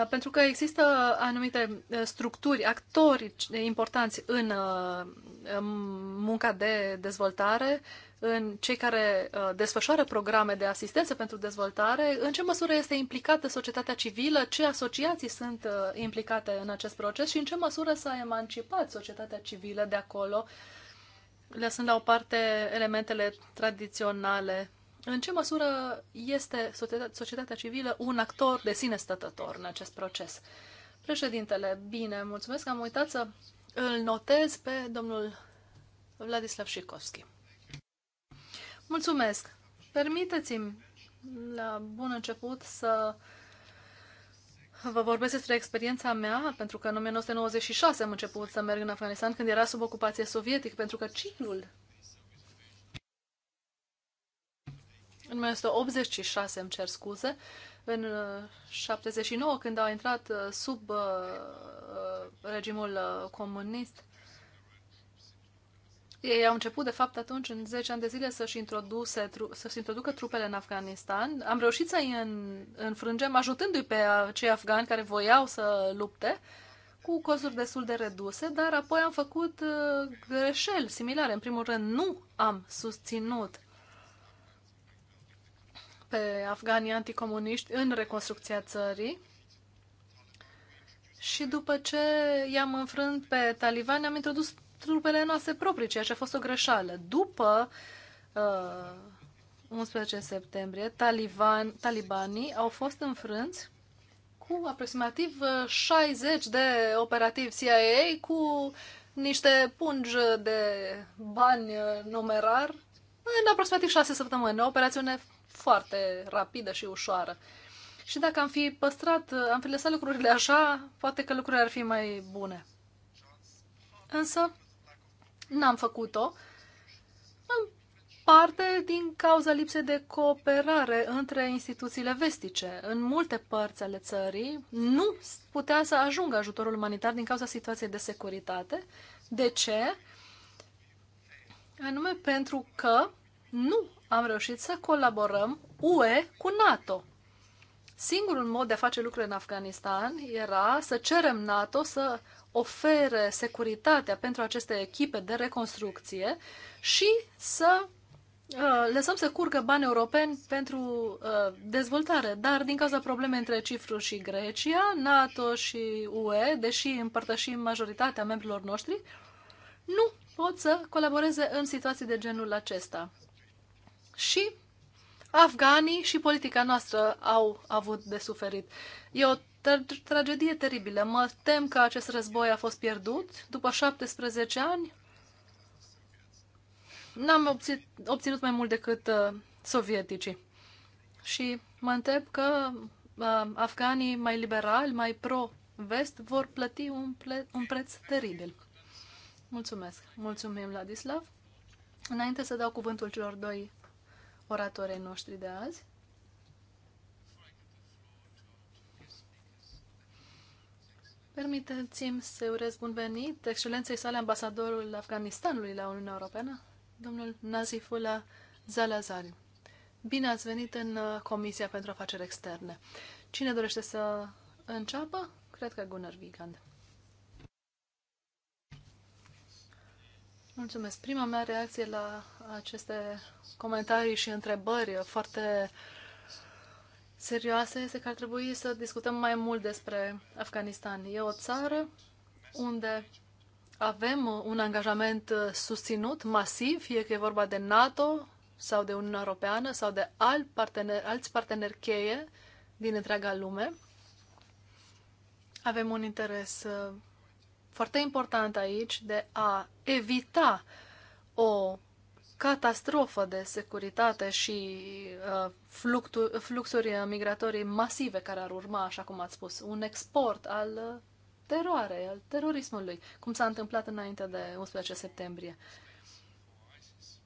Pentru că există anumite structuri, actori importanți în munca de dezvoltare în cei care uh, desfășoară programe de asistență pentru dezvoltare, în ce măsură este implicată societatea civilă, ce asociații sunt uh, implicate în acest proces și în ce măsură s-a emancipat societatea civilă de acolo, lăsând la o parte elementele tradiționale. În ce măsură este societatea civilă un actor de sine stătător în acest proces? Președintele, bine, mulțumesc, am uitat să îl notez pe domnul Vladislav Șikovski. Mulțumesc! Permiteți-mi la bun început să vă vorbesc despre experiența mea, pentru că în 1996 am început să merg în Afganistan când era sub ocupație sovietică, pentru că ciclul în 1986, îmi cer scuze, în 79, uh, când au intrat uh, sub uh, uh regimul comunist, ei au început, de fapt, atunci, în 10 ani de zile, să-și, să-și introducă trupele în Afganistan. Am reușit să-i înfrângem, ajutându-i pe cei afgani care voiau să lupte, cu cozuri destul de reduse, dar apoi am făcut uh, greșeli similare. În primul rând, nu am susținut pe afganii anticomuniști în reconstrucția țării. Și după ce i-am înfrânt pe talibani, am introdus trupele noastre proprii, ceea ce a fost o greșeală. După uh, 11 septembrie, taliban, talibanii au fost înfrânți cu aproximativ 60 uh, de operativi CIA cu niște pungi de bani uh, numerar în aproximativ 6 săptămâni. O operațiune foarte rapidă și ușoară. Și dacă am fi păstrat, uh, am fi lăsat lucrurile așa, poate că lucrurile ar fi mai bune. Însă, N-am făcut-o, în parte din cauza lipsei de cooperare între instituțiile vestice. În multe părți ale țării nu putea să ajungă ajutorul umanitar din cauza situației de securitate. De ce? Anume pentru că nu am reușit să colaborăm UE cu NATO. Singurul mod de a face lucruri în Afganistan era să cerem NATO să ofere securitatea pentru aceste echipe de reconstrucție și să uh, lăsăm să curgă bani europeni pentru uh, dezvoltare. Dar din cauza problemei între cifru și Grecia, NATO și UE, deși împărtășim majoritatea membrilor noștri, nu pot să colaboreze în situații de genul acesta. Și afganii și politica noastră au avut de suferit. E o ter- tragedie teribilă. Mă tem că acest război a fost pierdut după 17 ani. N-am obținut, obținut mai mult decât uh, sovieticii. Și mă întreb că uh, afganii mai liberali, mai pro-vest, vor plăti un, ple- un preț teribil. Mulțumesc. Mulțumim, Ladislav. Înainte să dau cuvântul celor doi oratorii noștri de azi, Permiteți-mi să urez bun venit excelenței sale ambasadorul Afganistanului la Uniunea Europeană, domnul Nazifula Zalazari. Bine ați venit în uh, Comisia pentru Afaceri Externe. Cine dorește să înceapă? Cred că Gunnar Vigand. Mulțumesc. Prima mea reacție la aceste comentarii și întrebări foarte uh, serioasă este că ar trebui să discutăm mai mult despre Afganistan. E o țară unde avem un angajament susținut, masiv, fie că e vorba de NATO sau de Uniunea Europeană sau de alt partener, alți parteneri cheie din întreaga lume. Avem un interes uh, foarte important aici de a evita o catastrofă de securitate și uh, fluctu- fluxuri migratorii masive care ar urma, așa cum ați spus, un export al uh, teroarei, al terorismului, cum s-a întâmplat înainte de 11 septembrie.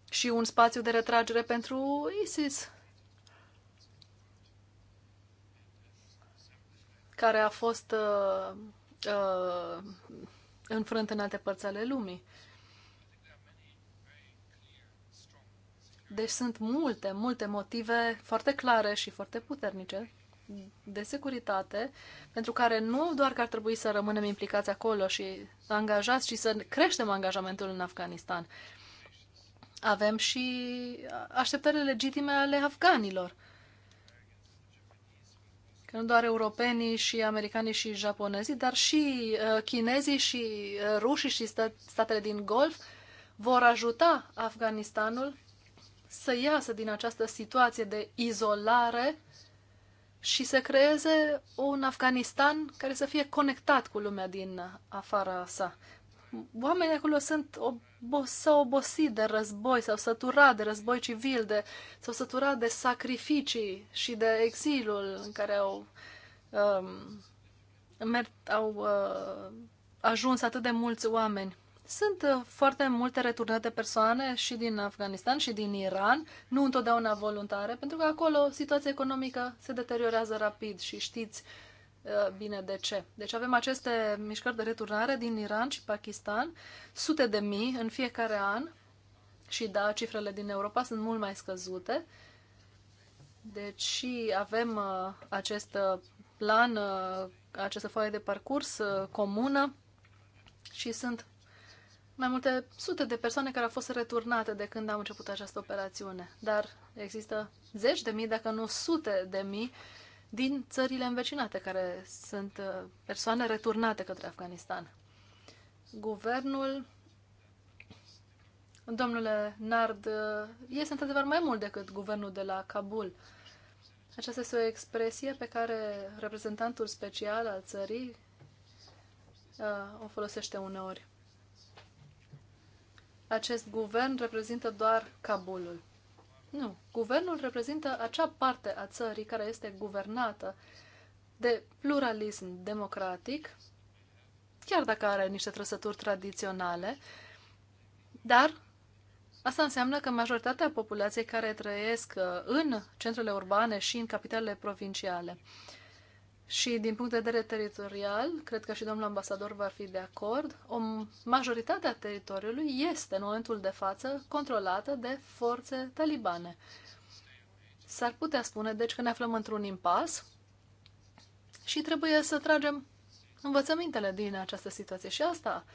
Și un spațiu de retragere pentru ISIS, care a fost uh, uh, înfrânt în alte părți ale lumii. Uh, Deci sunt multe, multe motive foarte clare și foarte puternice de securitate, pentru care nu doar că ar trebui să rămânem implicați acolo și angajați, ci să creștem angajamentul în Afganistan. Avem și așteptările legitime ale afganilor. Că nu doar europenii și americanii și japonezii, dar și uh, chinezii și uh, rușii și statele din Golf vor ajuta Afganistanul să iasă din această situație de izolare și să creeze un Afganistan care să fie conectat cu lumea din afara sa. Oamenii acolo sunt obo- s-au obosit de război, s-au săturat de război civil, de, s-au săturat de sacrificii și de exilul în care au, um, mer- au uh, ajuns atât de mulți oameni. Sunt uh, foarte multe returnate persoane și din Afganistan și din Iran, nu întotdeauna voluntare, pentru că acolo situația economică se deteriorează rapid și știți uh, bine de ce. Deci avem aceste mișcări de returnare din Iran și Pakistan, sute de mii în fiecare an și da, cifrele din Europa sunt mult mai scăzute. Deci și avem uh, acest plan, această foaie de parcurs comună și sunt mai multe sute de persoane care au fost returnate de când am început această operațiune, dar există zeci de mii, dacă nu sute de mii, din țările învecinate care sunt uh, persoane returnate către Afganistan. Guvernul, domnule Nard, uh, este într-adevăr mai mult decât guvernul de la Kabul. Aceasta este o expresie pe care reprezentantul special al țării uh, o folosește uneori acest guvern reprezintă doar Kabulul. Nu. Guvernul reprezintă acea parte a țării care este guvernată de pluralism democratic, chiar dacă are niște trăsături tradiționale, dar asta înseamnă că majoritatea populației care trăiesc uh, în centrele urbane și în capitalele provinciale uh, și din punct de vedere teritorial, cred că și domnul ambasador va fi de acord, o majoritate a teritoriului este în momentul de față controlată de forțe talibane. S-ar putea spune, deci, că ne aflăm într-un impas și trebuie să tragem învățămintele din această situație. Și asta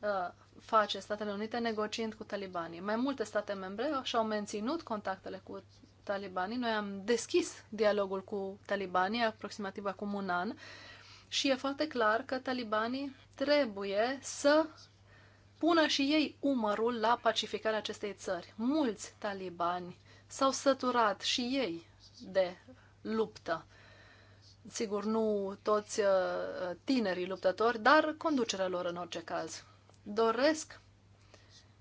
uh, face Statele Unite negociind cu talibanii. Mai multe state membre și-au menținut contactele cu talibanii. Noi am deschis dialogul cu talibanii aproximativ acum un an și e foarte clar că talibanii trebuie să pună și ei umărul la pacificarea acestei țări. Mulți talibani s-au săturat și ei de luptă. Sigur, nu toți uh, tinerii luptători, dar conducerea lor în orice caz. Doresc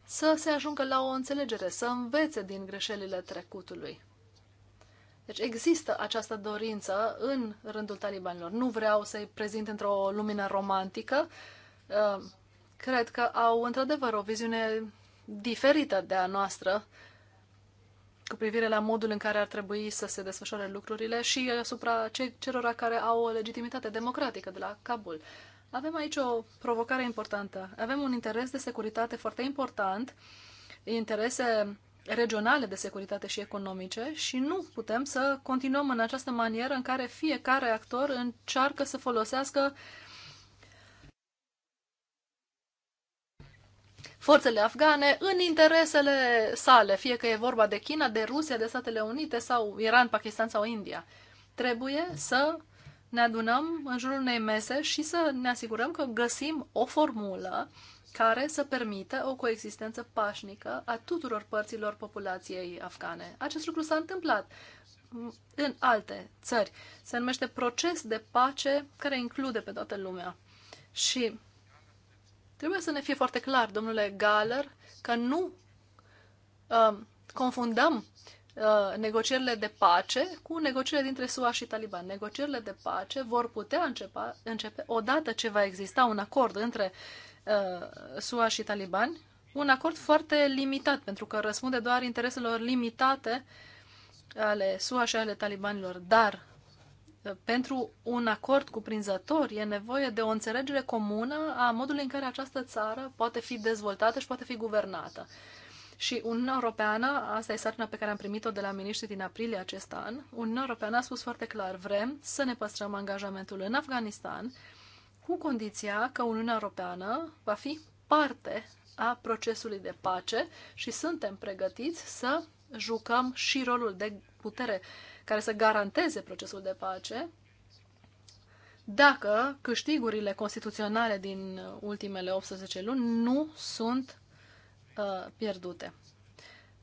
să se ajungă la o înțelegere, să învețe din greșelile trecutului. Deci există această dorință în rândul talibanilor. Nu vreau să-i prezint într-o lumină romantică. Uh, cred că au într-adevăr o viziune diferită de a noastră cu privire la modul în care ar trebui să se desfășoare lucrurile și asupra ce, care au o legitimitate democratică de la Kabul. Avem aici o provocare importantă. Avem un interes de securitate foarte important, interese regionale de securitate și economice și nu putem să continuăm în această manieră în care fiecare actor încearcă să folosească forțele afgane în interesele sale, fie că e vorba de China, de Rusia, de Statele Unite sau Iran, Pakistan sau India. Trebuie să ne adunăm în jurul unei mese și să ne asigurăm că găsim o formulă care să permită o coexistență pașnică a tuturor părților populației afgane. Acest lucru s-a întâmplat în alte țări. Se numește proces de pace care include pe toată lumea. Și trebuie să ne fie foarte clar, domnule Galer, că nu uh, confundăm uh, negocierile de pace cu negocierile dintre SUA și Taliban. Negocierile de pace vor putea începa, începe odată ce va exista un acord între uh, Uh, SUA și talibani, un acord foarte limitat, pentru că răspunde doar intereselor limitate ale SUA și ale talibanilor. Dar uh, pentru un acord cuprinzător e nevoie de o înțelegere comună a modului în care această țară poate fi dezvoltată și poate fi guvernată. Și Uniunea Europeană, asta e sarcina pe care am primit-o de la miniștri din aprilie acest an, Uniunea Europeană a spus foarte clar, vrem să ne păstrăm angajamentul în Afganistan, cu condiția că Uniunea Europeană va fi parte a procesului de pace și suntem pregătiți să jucăm și rolul de putere care să garanteze procesul de pace dacă câștigurile constituționale din ultimele 18 luni nu sunt uh, pierdute.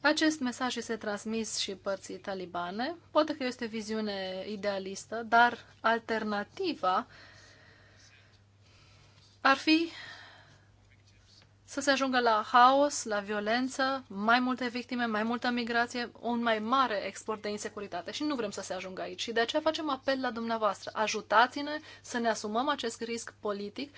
Acest mesaj este transmis și părții talibane. Poate că este o viziune idealistă, dar alternativa ar fi să se ajungă la haos, la violență, mai multe victime, mai multă migrație, un mai mare export de insecuritate. Și nu vrem să se ajungă aici. Și de aceea facem apel la dumneavoastră. Ajutați-ne să ne asumăm acest risc politic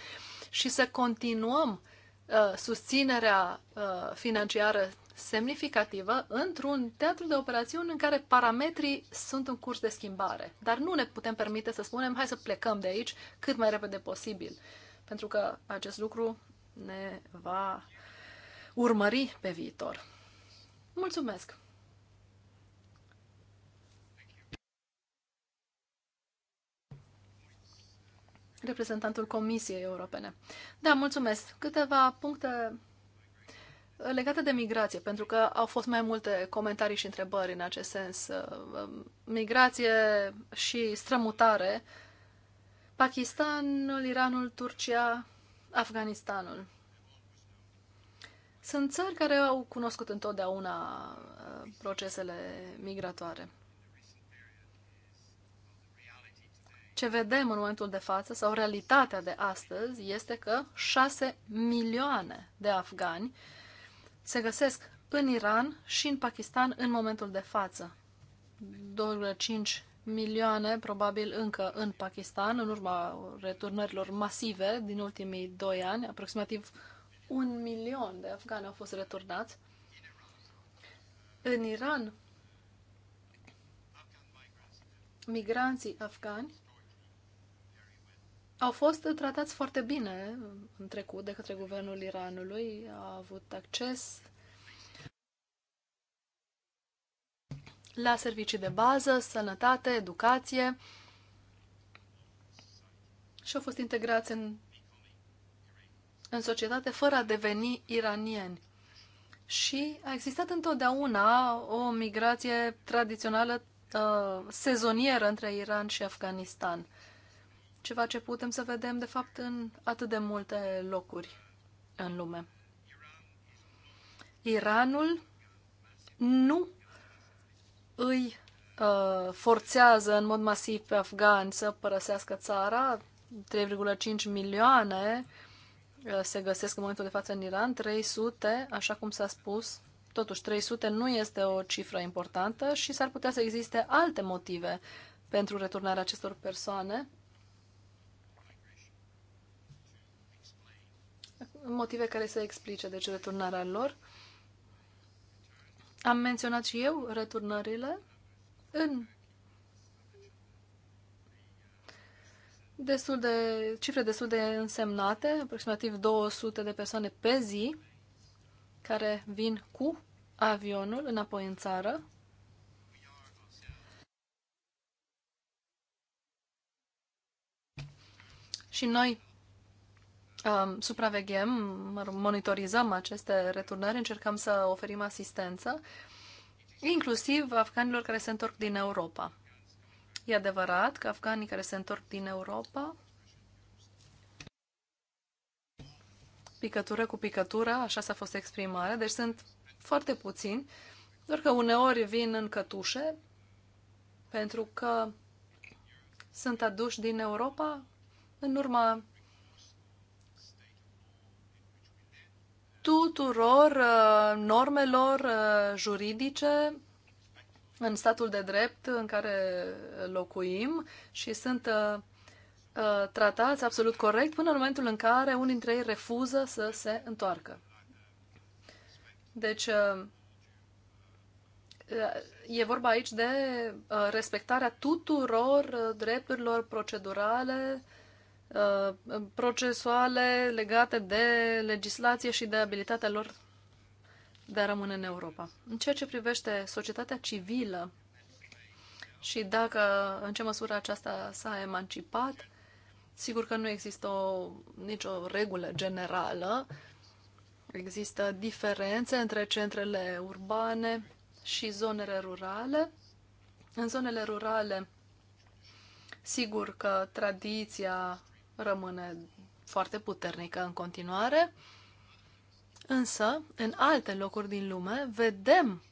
și să continuăm uh, susținerea uh, financiară semnificativă într-un teatru de operațiuni în care parametrii sunt în curs de schimbare. Dar nu ne putem permite să spunem, hai să plecăm de aici cât mai repede posibil. Uh, pentru că acest lucru ne va urmări pe viitor. Mulțumesc! Reprezentantul Comisiei Europene. Da, mulțumesc. Câteva puncte legate de migrație, pentru că au fost mai multe comentarii și întrebări în acest sens. Migrație și strămutare Pakistanul, Iranul, Turcia, Afganistanul. Sunt țări care au cunoscut întotdeauna uh, procesele migratoare. Ce vedem în momentul de față, sau realitatea de astăzi, este că 6 milioane de afgani se găsesc în Iran și în Pakistan în momentul de față. 2,5 milioane, probabil încă în Pakistan, în urma returnărilor masive din ultimii doi ani, aproximativ un milion de afgani au fost returnați. În Iran, migranții afgani au fost tratați foarte bine în trecut de către guvernul Iranului, au avut acces la servicii de bază, sănătate, educație și au fost integrați în, în societate fără a deveni iranieni. Și a existat întotdeauna o migrație tradițională uh, sezonieră între Iran și Afganistan. Ceva ce putem să vedem, de fapt, în atât de multe locuri în lume. Iranul nu îi uh, forțează în mod masiv pe afgani să părăsească țara. 3,5 milioane uh, se găsesc în momentul de față în Iran, 300, așa cum s-a spus, totuși 300 nu este o cifră importantă și s-ar putea să existe alte motive pentru returnarea acestor persoane. Motive care să explice, deci, returnarea lor. Am menționat și eu returnările în destul de, cifre destul de însemnate, aproximativ 200 de persoane pe zi care vin cu avionul înapoi în țară. Și noi supraveghem, monitorizăm aceste returnări, încercăm să oferim asistență, inclusiv afganilor care se întorc din Europa. E adevărat că afganii care se întorc din Europa, picătură cu picătură, așa s-a fost exprimarea, deci sunt foarte puțini, doar că uneori vin în cătușe, pentru că sunt aduși din Europa în urma tuturor uh, normelor uh, juridice în statul de drept în care locuim și sunt uh, tratați absolut corect până în momentul în care unii dintre ei refuză să se întoarcă. Deci, e vorba aici de respectarea tuturor drepturilor procedurale uh, Uh, procesuale legate de legislație și de abilitatea lor de a rămâne în Europa. În ceea ce privește societatea civilă și dacă, în ce măsură aceasta s-a emancipat, sigur că nu există o, nicio regulă generală. Există diferențe între centrele urbane și zonele rurale. În zonele rurale, sigur că tradiția rămâne foarte puternică în continuare, însă în alte locuri din lume vedem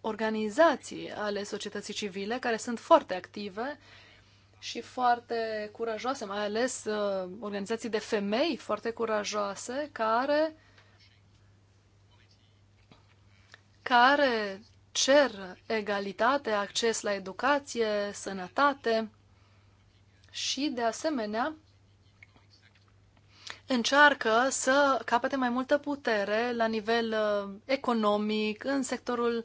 organizații ale societății civile care sunt foarte active și foarte curajoase, mai ales uh, organizații de femei foarte curajoase care care cer egalitate, acces la educație, sănătate și de asemenea încearcă să capete mai multă putere la nivel uh, economic, în sectorul,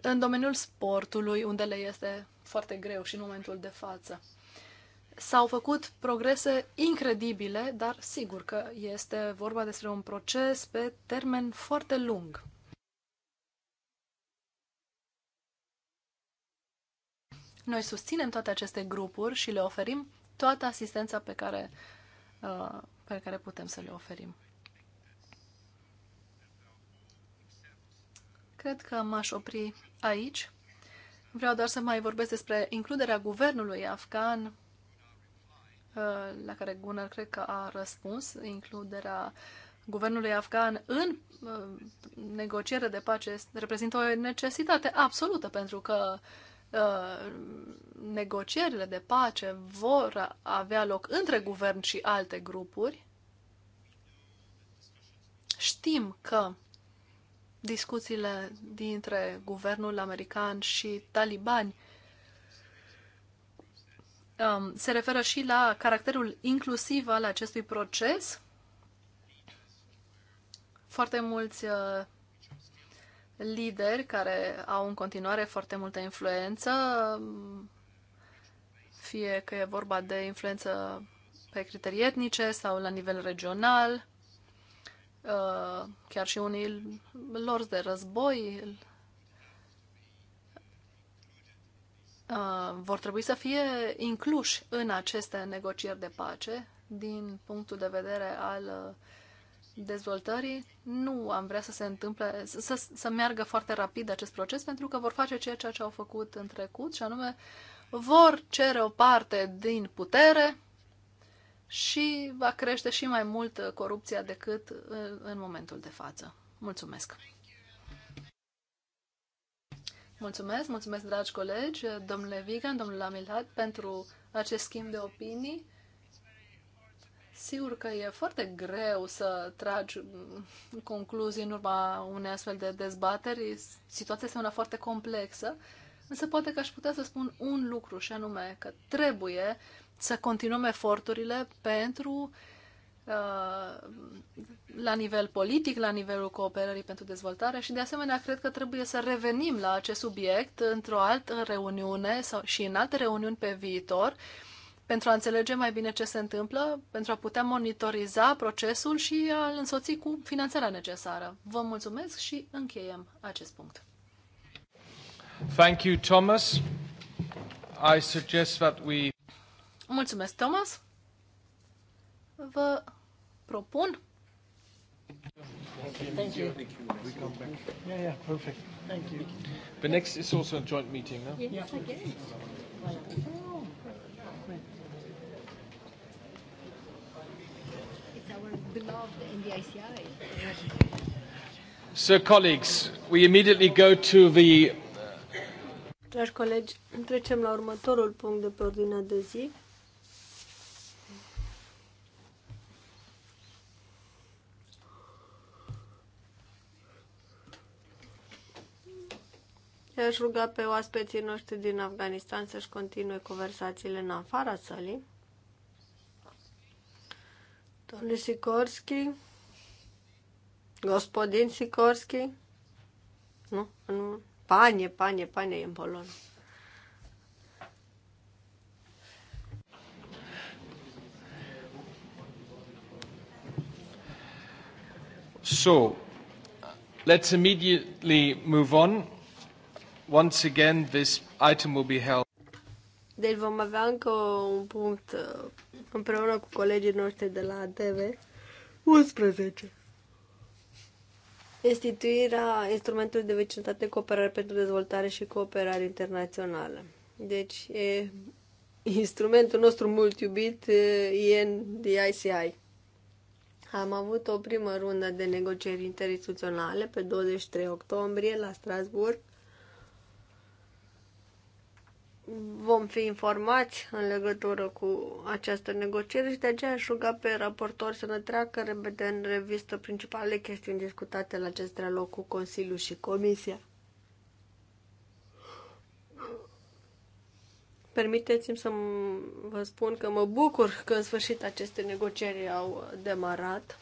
în domeniul sportului, unde le este foarte greu și în momentul de față. S-au făcut progrese incredibile, dar sigur că este vorba despre un proces pe termen foarte lung. Noi susținem toate aceste grupuri și le oferim toată asistența pe care uh, pe care putem să le oferim. Cred că m-aș opri aici. Vreau doar să mai vorbesc despre includerea guvernului afgan, la care Gunnar cred că a răspuns, includerea guvernului afgan în uh, negociere de pace reprezintă o necesitate absolută, pentru că Uh, negocierile de pace vor avea loc între guvern și alte grupuri, știm că discuțiile dintre guvernul american și talibani um, se referă și la caracterul inclusiv al acestui proces. Foarte mulți uh, lideri care au în continuare foarte multă influență, fie că e vorba de influență pe criterii etnice sau la nivel regional, uh, chiar și unii lor de război uh, vor trebui să fie incluși în aceste negocieri de pace din punctul de vedere al uh, dezvoltării, nu am vrea să se întâmple, să, să meargă foarte rapid acest proces, pentru că vor face ceea ce au făcut în trecut, și anume vor cere o parte din putere și va crește și mai mult corupția decât în momentul de față. Mulțumesc! Mulțumesc, mulțumesc, dragi colegi, domnule Vigan, domnule Amilat, pentru acest schimb de opinii. Sigur că e foarte greu să tragi mm, concluzii în urma unei astfel de dezbateri. Situația este una foarte complexă, însă poate că aș putea să spun un lucru și anume că trebuie să continuăm eforturile pentru uh, la nivel politic, la nivelul cooperării pentru dezvoltare și de asemenea cred că trebuie să revenim la acest subiect într-o altă reuniune sau și în alte reuniuni pe viitor pentru a înțelege mai bine ce se întâmplă, pentru a putea monitoriza procesul și a-l însoți cu finanțarea necesară. Vă mulțumesc și încheiem acest punct. Thank you, Thomas. I suggest that we... Mulțumesc, Thomas. Vă propun. Thank you. We come back. Yeah, yeah, perfect. Thank you. The next is also a joint meeting, no? Yes, yeah. guess. beloved NDICI. So, colleagues, we immediately go to the... Dragi colegi, trecem la următorul punct de pe ordinea de zi. aș ruga pe oaspeții noștri din Afganistan să-și continue conversațiile în afara sălii. Domnul Sikorski? Gospodin Sikorski? Nu, nu. Panie, panie, panie e în polon. So, let's immediately move on. Once again, this item will be held. Deci vom avea încă un punct uh, împreună cu colegii noștri de la TV. 11. Instituirea instrumentului de vecinătate, cooperare pentru dezvoltare și cooperare internațională. Deci e instrumentul nostru mult iubit, INDICI. Uh, Am avut o primă rundă de negocieri interinstituționale pe 23 octombrie la Strasburg vom fi informați în legătură cu această negociere și de aceea aș ruga pe raportor să ne treacă repede în revistă principalele chestiuni discutate la acest dialog cu Consiliul și Comisia. Permiteți-mi să vă spun că mă bucur că în sfârșit aceste negocieri au demarat.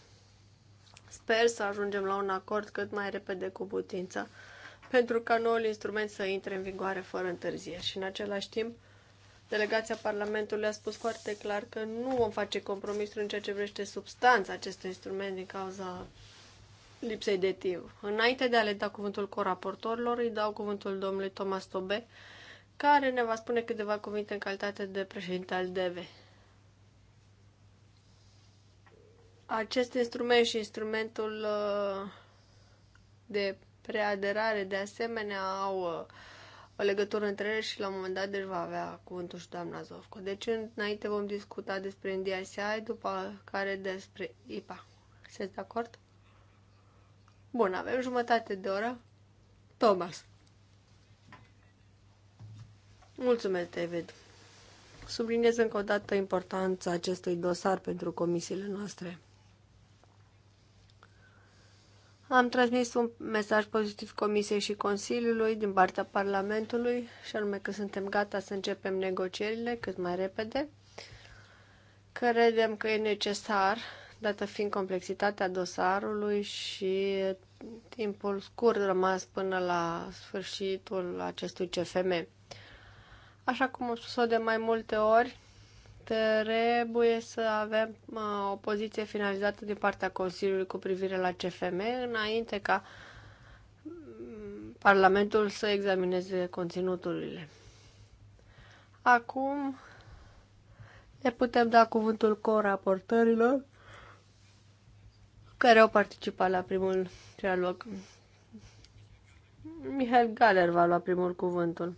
Sper să ajungem la un acord cât mai repede cu putință pentru ca noul instrument să intre în vigoare fără întârzieri. Și în același timp, delegația Parlamentului a spus foarte clar că nu vom face compromisuri în ceea ce vrește substanța acestui instrument din cauza lipsei de timp. Înainte de a le da cuvântul coraportorilor, îi dau cuvântul domnului Thomas Tobe, care ne va spune câteva cuvinte în calitate de președinte al DEVE. Acest instrument și instrumentul uh, de preaderare, de asemenea, au uh, o legătură între ele și la un moment dat deci va avea cuvântul și doamna Zovco. Deci înainte vom discuta despre NDSI, după care despre IPA. Sunteți de acord? Bun, avem jumătate de oră. Thomas. Mulțumesc, David. Subliniez încă o dată importanța acestui dosar pentru comisiile noastre. Am transmis un mesaj pozitiv Comisiei și Consiliului din partea Parlamentului, și anume că suntem gata să începem negocierile cât mai repede. Credem că e necesar, dată fiind complexitatea dosarului și timpul scurt rămas până la sfârșitul acestui CFM. Așa cum am spus-o de mai multe ori, trebuie să avem o poziție finalizată din partea Consiliului cu privire la CFM înainte ca mm, Parlamentul să examineze conținuturile. Acum le putem da cuvântul co-raportărilor care au participat la primul trialog. Mihail Galer va lua primul cuvântul.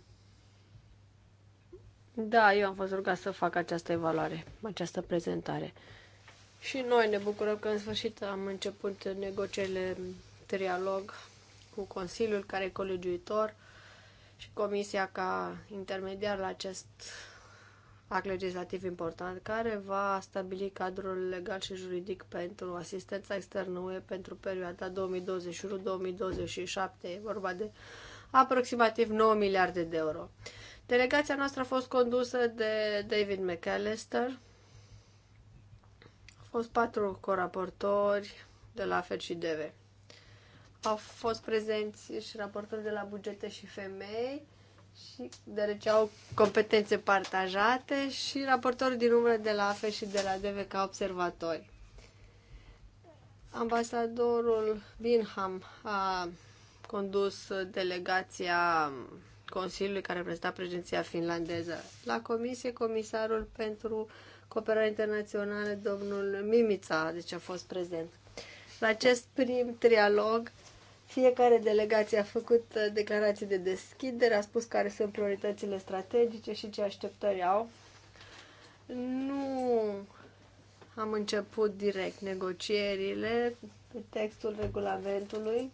Da, eu am fost rugat să fac această evaluare, această prezentare. Și noi ne bucurăm că în sfârșit am început negocierile trialog cu Consiliul care e colegiuitor și Comisia ca intermediar la acest act legislativ important care va stabili cadrul legal și juridic pentru asistența externă UE pentru perioada 2021-2027, e vorba de aproximativ 9 miliarde de euro. Delegația noastră a fost condusă de David McAllister. Au fost patru coraportori de la FED și DV. Au fost prezenți și raportori de la bugete și femei și deoarece au competențe partajate și raportori din umbră de la AFE și de la DV ca observatori. Ambasadorul Binham a condus delegația Consiliului care prezenta președinția finlandeză. La comisie, comisarul pentru cooperare internațională, domnul Mimița, deci a fost prezent. La acest prim trialog, fiecare delegație a făcut uh, declarații de deschidere, a spus care sunt prioritățile strategice și ce așteptări au. Nu am început direct negocierile pe textul regulamentului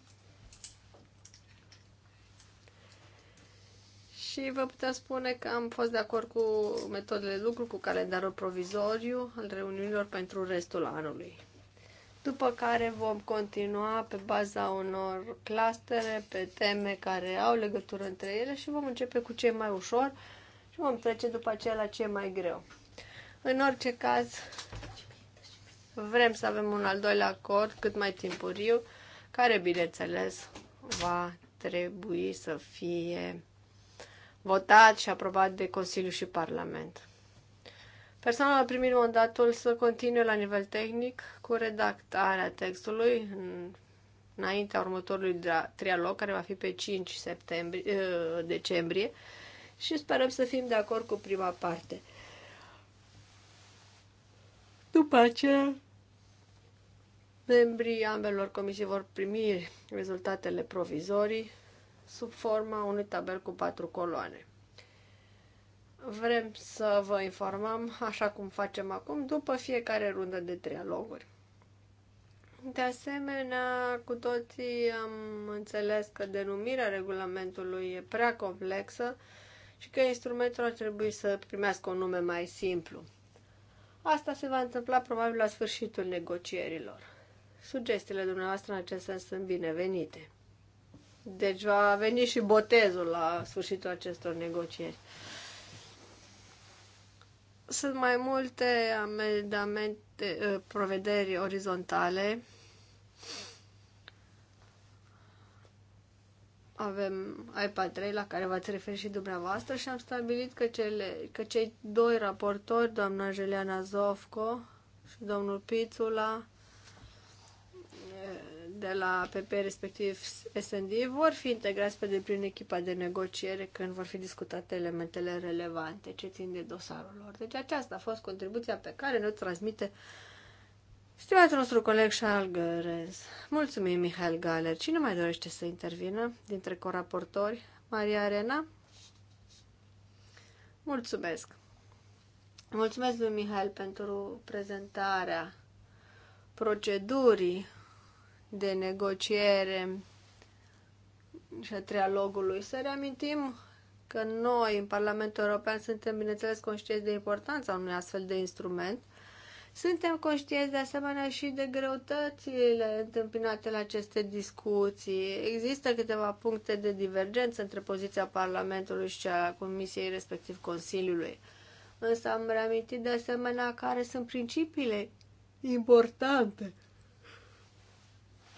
și vă putea spune că am fost de acord cu metodele de lucru, cu calendarul provizoriu al reuniunilor pentru restul anului. După care vom continua pe baza unor clastere, pe teme care au legătură între ele și vom începe cu ce mai ușor și vom trece după aceea la ce mai greu. În orice caz, vrem să avem un al doilea acord cât mai timpuriu, care, bineînțeles, va trebui să fie votat și aprobat de Consiliu și Parlament. Personal a primit mandatul să continue la nivel tehnic cu redactarea textului în, înaintea următorului trialog, care va fi pe 5 septembrie, eh, decembrie, și sperăm să fim de acord cu prima parte. După aceea, membrii ambelor comisii vor primi rezultatele provizorii sub forma unui tabel cu patru coloane. Vrem să vă informăm, așa cum facem acum, după fiecare rundă de trialoguri. De asemenea, cu toții am înțeles că denumirea regulamentului e prea complexă și că instrumentul ar trebui să primească un nume mai simplu. Asta se va întâmpla probabil la sfârșitul negocierilor. Sugestiile dumneavoastră în acest sens sunt binevenite. Deci va veni și botezul la sfârșitul acestor negocieri. Sunt mai multe amendamente, ă, provederi orizontale. Avem iPad 3 la care v-ați referit și dumneavoastră și am stabilit că, cele, că cei doi raportori, doamna Juliana Zovco și domnul Pițula, de la PP respectiv SND vor fi integrați pe deplin echipa de negociere când vor fi discutate elementele relevante ce țin de dosarul lor. Deci aceasta a fost contribuția pe care ne-o transmite Stimatul nostru coleg Charles Gărez. Mulțumim, Mihail Galer. Cine mai dorește să intervină dintre coraportori? Maria Arena? Mulțumesc! Mulțumesc lui Mihail pentru prezentarea procedurii de negociere și a trialogului. Să reamintim că noi în Parlamentul European suntem, bineînțeles, conștienți de importanța unui astfel de instrument. Suntem conștienți de asemenea și de greutățile întâmpinate la aceste discuții. Există câteva puncte de divergență între poziția Parlamentului și cea a Comisiei, respectiv Consiliului. Însă am reamintit de asemenea care sunt principiile importante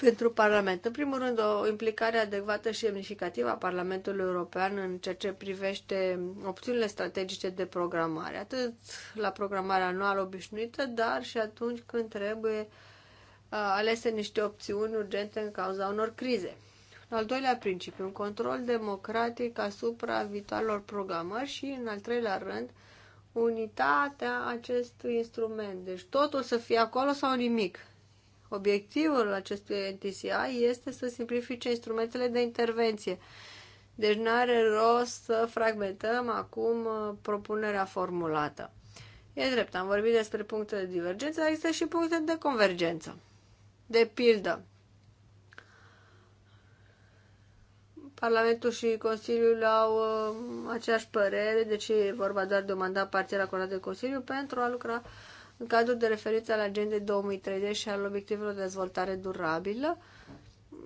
pentru Parlament. În primul rând, o implicare adecvată și semnificativă a Parlamentului European în ceea ce privește opțiunile strategice de programare, atât la programarea anuală obișnuită, dar și atunci când trebuie uh, alese niște opțiuni urgente în cauza unor crize. al doilea principiu, un control democratic asupra viitoarelor programări și, în al treilea rând, unitatea acestui instrument. Deci totul să fie acolo sau nimic Obiectivul acestui NTCI este să simplifice instrumentele de intervenție. Deci nu are rost să fragmentăm acum uh, propunerea formulată. E drept, am vorbit despre puncte de divergență, dar există și puncte de convergență. De pildă, Parlamentul și Consiliul au uh, aceeași părere, deci e vorba doar de un mandat parțial acordat de Consiliu pentru a lucra uh, în cadrul de referință al agendei 2030 și al obiectivelor de dezvoltare durabilă, mm,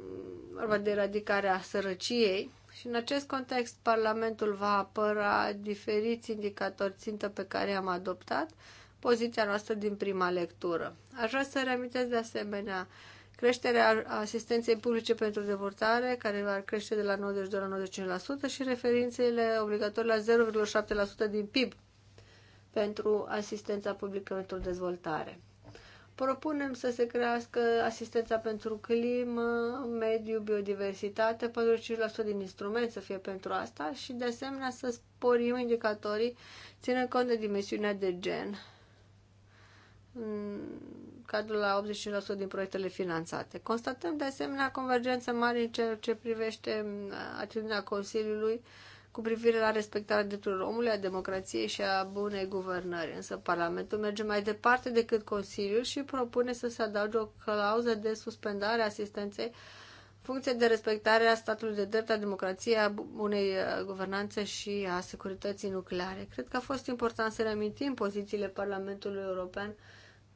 vorba de eradicarea sărăciei. Și în acest context, Parlamentul va apăra diferiți indicatori țintă pe care am adoptat poziția noastră din prima lectură. Aș vrea să reamintesc de asemenea creșterea asistenței publice pentru dezvoltare, care va crește de la 92 la 95% și referințele obligatorii la 0,7% din PIB pentru asistența publică pentru dezvoltare. Propunem să se crească asistența pentru climă, mediu, biodiversitate, 45% din instrument să fie pentru asta și de asemenea să sporim indicatorii ținând cont de dimensiunea de gen în cadrul la 85% din proiectele finanțate. Constatăm de asemenea convergență mare în ceea ce privește atitudinea Consiliului uh, cu privire la respectarea drepturilor omului, a democrației și a bunei guvernări. Însă Parlamentul merge mai departe decât Consiliul și propune să se adauge o clauză de suspendare a asistenței funcție de respectarea statului de drept, a democrației, a bunei uh, guvernanțe și a securității nucleare. Cred că a fost important să reamintim pozițiile Parlamentului European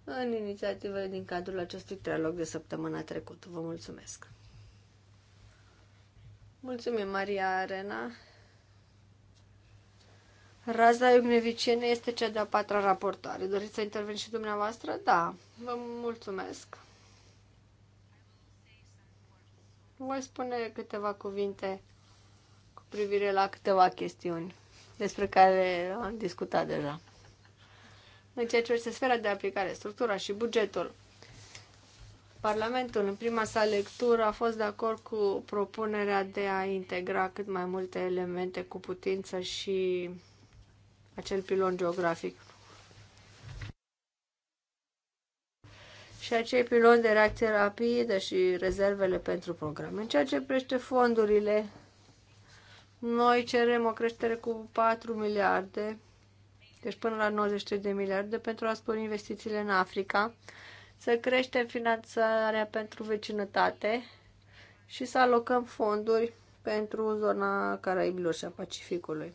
în inițiativele din cadrul acestui trilog de săptămâna trecută. Vă mulțumesc! Mulțumim, Maria Arena! Raza Iugneviciene este cea de-a patra raportare. Doriți să interveniți și dumneavoastră? Da. Vă mulțumesc. Voi spune câteva cuvinte cu privire la câteva chestiuni despre care am discutat deja. În ceea ce este sfera de aplicare, structura și bugetul, Parlamentul, în prima sa lectură, a fost de acord cu propunerea de a integra cât mai multe elemente cu putință și acel pilon geografic. și acei piloni de reacție rapidă și rezervele pentru program. În ceea ce prește fondurile, noi cerem o creștere cu 4 miliarde, deci până la 93 de miliarde, pentru a spori investițiile în Africa, să creștem finanțarea pentru vecinătate și să alocăm fonduri pentru zona Caraibilor și a Pacificului.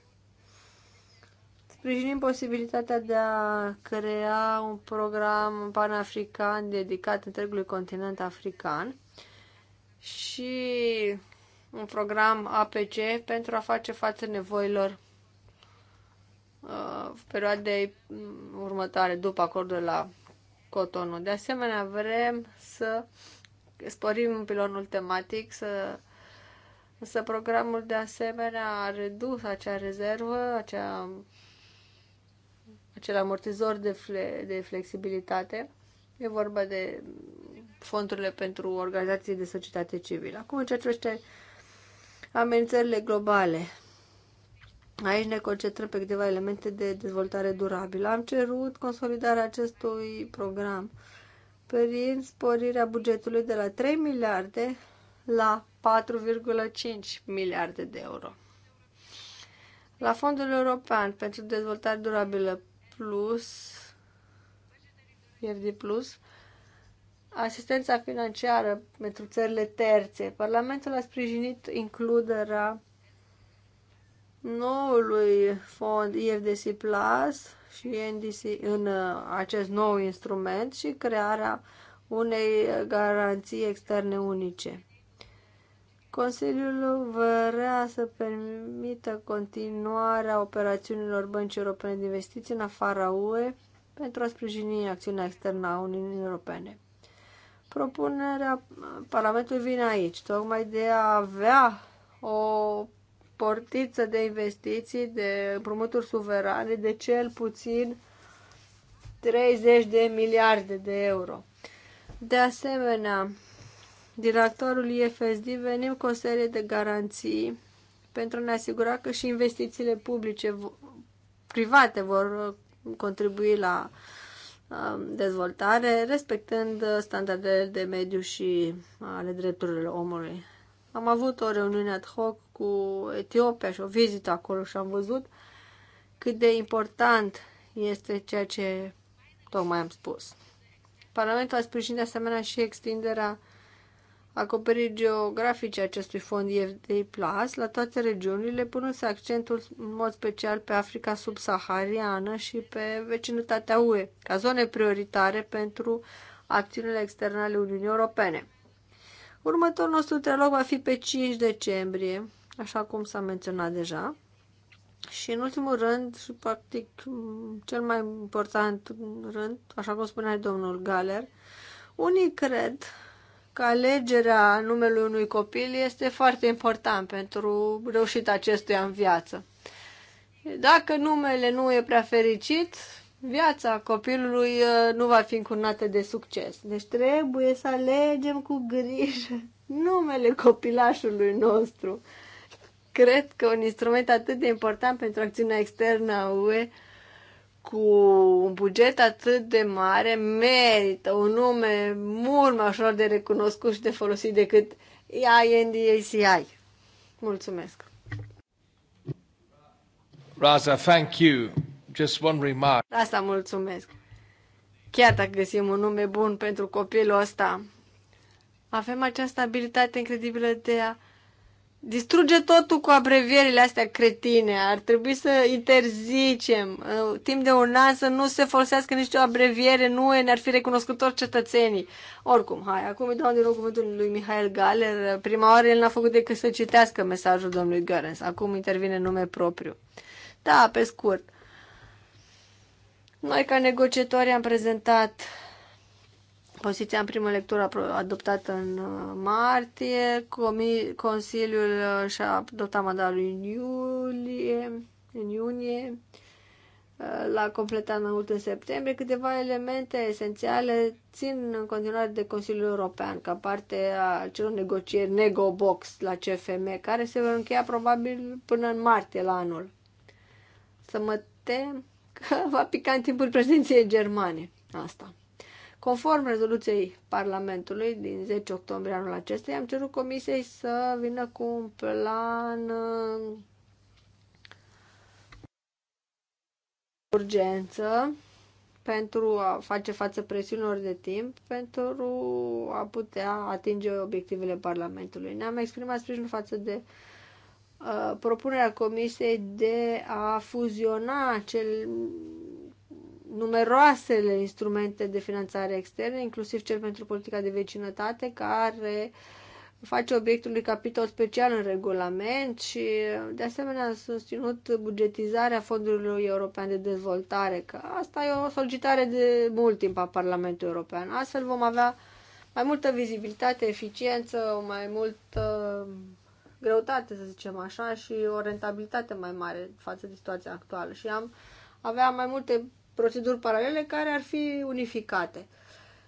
Sprijinim posibilitatea de a crea un program panafrican dedicat întregului continent african și un program APC pentru a face față nevoilor uh, perioadei mm, următoare, după acordul la Cotonou. De asemenea, vrem să sporim pilonul tematic, să Însă programul de asemenea a redus acea rezervă, acea acel amortizor de, fle- de flexibilitate. E vorba de fondurile pentru organizații de societate civilă. Acum, în ceea ce privește amenințările globale, aici ne concentrăm pe câteva elemente de dezvoltare durabilă. Am cerut consolidarea acestui program prin sporirea bugetului de la 3 miliarde la 4,5 miliarde de euro. La Fondul European pentru Dezvoltare Durabilă plus, IRD plus, asistența financiară pentru țările terțe. Parlamentul a sprijinit includerea noului fond IFDC Plus și NDC în uh, acest nou instrument și crearea unei garanții externe unice. Consiliul vrea să permită continuarea operațiunilor Băncii Europene de Investiții în afara UE pentru a sprijini acțiunea externă a Uniunii Europene. Propunerea Parlamentului vine aici, tocmai de a avea o portiță de investiții, de împrumuturi suverane de cel puțin 30 de miliarde de euro. De asemenea, directorul IFSD venim cu o serie de garanții pentru a ne asigura că și investițiile publice private vor uh, contribui la um, dezvoltare, respectând uh, standardele de mediu și ale drepturilor omului. Am avut o reuniune ad hoc cu Etiopia și o vizită acolo și am văzut cât de important este ceea ce tocmai am spus. Parlamentul a sprijinit de asemenea și extinderea acoperirii geografice acestui fond EFD Plus la toate regiunile, punându-se accentul în mod special pe Africa subsahariană și pe vecinătatea UE, ca zone prioritare pentru acțiunile externe ale Uniunii Europene. Următorul nostru trilog va fi pe 5 decembrie, așa cum s-a menționat deja. Și în ultimul rând, și practic cel mai important rând, așa cum spunea domnul Galer, unii cred că alegerea numelui unui copil este foarte important pentru reușita acestuia în viață. Dacă numele nu e prea fericit, viața copilului uh, nu va fi încurnată de succes. Deci trebuie să alegem cu grijă numele copilașului nostru. Cred că un instrument atât de important pentru acțiunea externă a UE cu un buget atât de mare merită un nume mult mai ușor de recunoscut și de folosit decât INDACI. Mulțumesc! Raza, thank you. Just one remark. Asta mulțumesc. Chiar dacă găsim un nume bun pentru copilul ăsta, avem această abilitate incredibilă de a distruge totul cu abrevierile astea cretine. Ar trebui să interzicem. Timp de un an să nu se folosească nicio abreviere, nu ne-ar fi recunoscători cetățenii. Oricum, hai, acum îi dau din nou cuvântul lui Mihail Galer. Prima oară el n-a făcut decât să citească mesajul domnului Gărens. Acum intervine nume propriu. Da, pe scurt. Noi ca negociatori am prezentat Poziția în primă lectură adoptată în uh, martie, Consiliul uh, și-a adoptat mandatul în iulie, în iunie, uh, l-a completat în în septembrie. Câteva elemente esențiale țin în continuare de Consiliul European ca parte a celor negocieri Negobox la CFM, care se vor încheia probabil până în martie la anul. Să mă tem că va pica în timpul prezenției germane asta. Conform rezoluției Parlamentului din 10 octombrie anul acesta, am cerut Comisiei să vină cu un plan uh, urgență pentru a face față presiunilor de timp, pentru a putea atinge obiectivele Parlamentului. Ne-am exprimat sprijinul față de uh, propunerea Comisiei de a fuziona cel, numeroasele instrumente de finanțare externe, inclusiv cel pentru politica de vecinătate, care face obiectul unui capitol special în regulament și, de asemenea, a susținut bugetizarea Fondului European de Dezvoltare, că asta e o solicitare de mult timp a Parlamentului European. Astfel vom avea mai multă vizibilitate, eficiență, mai multă greutate, să zicem așa, și o rentabilitate mai mare față de situația actuală. Și am avea mai multe proceduri paralele care ar fi unificate.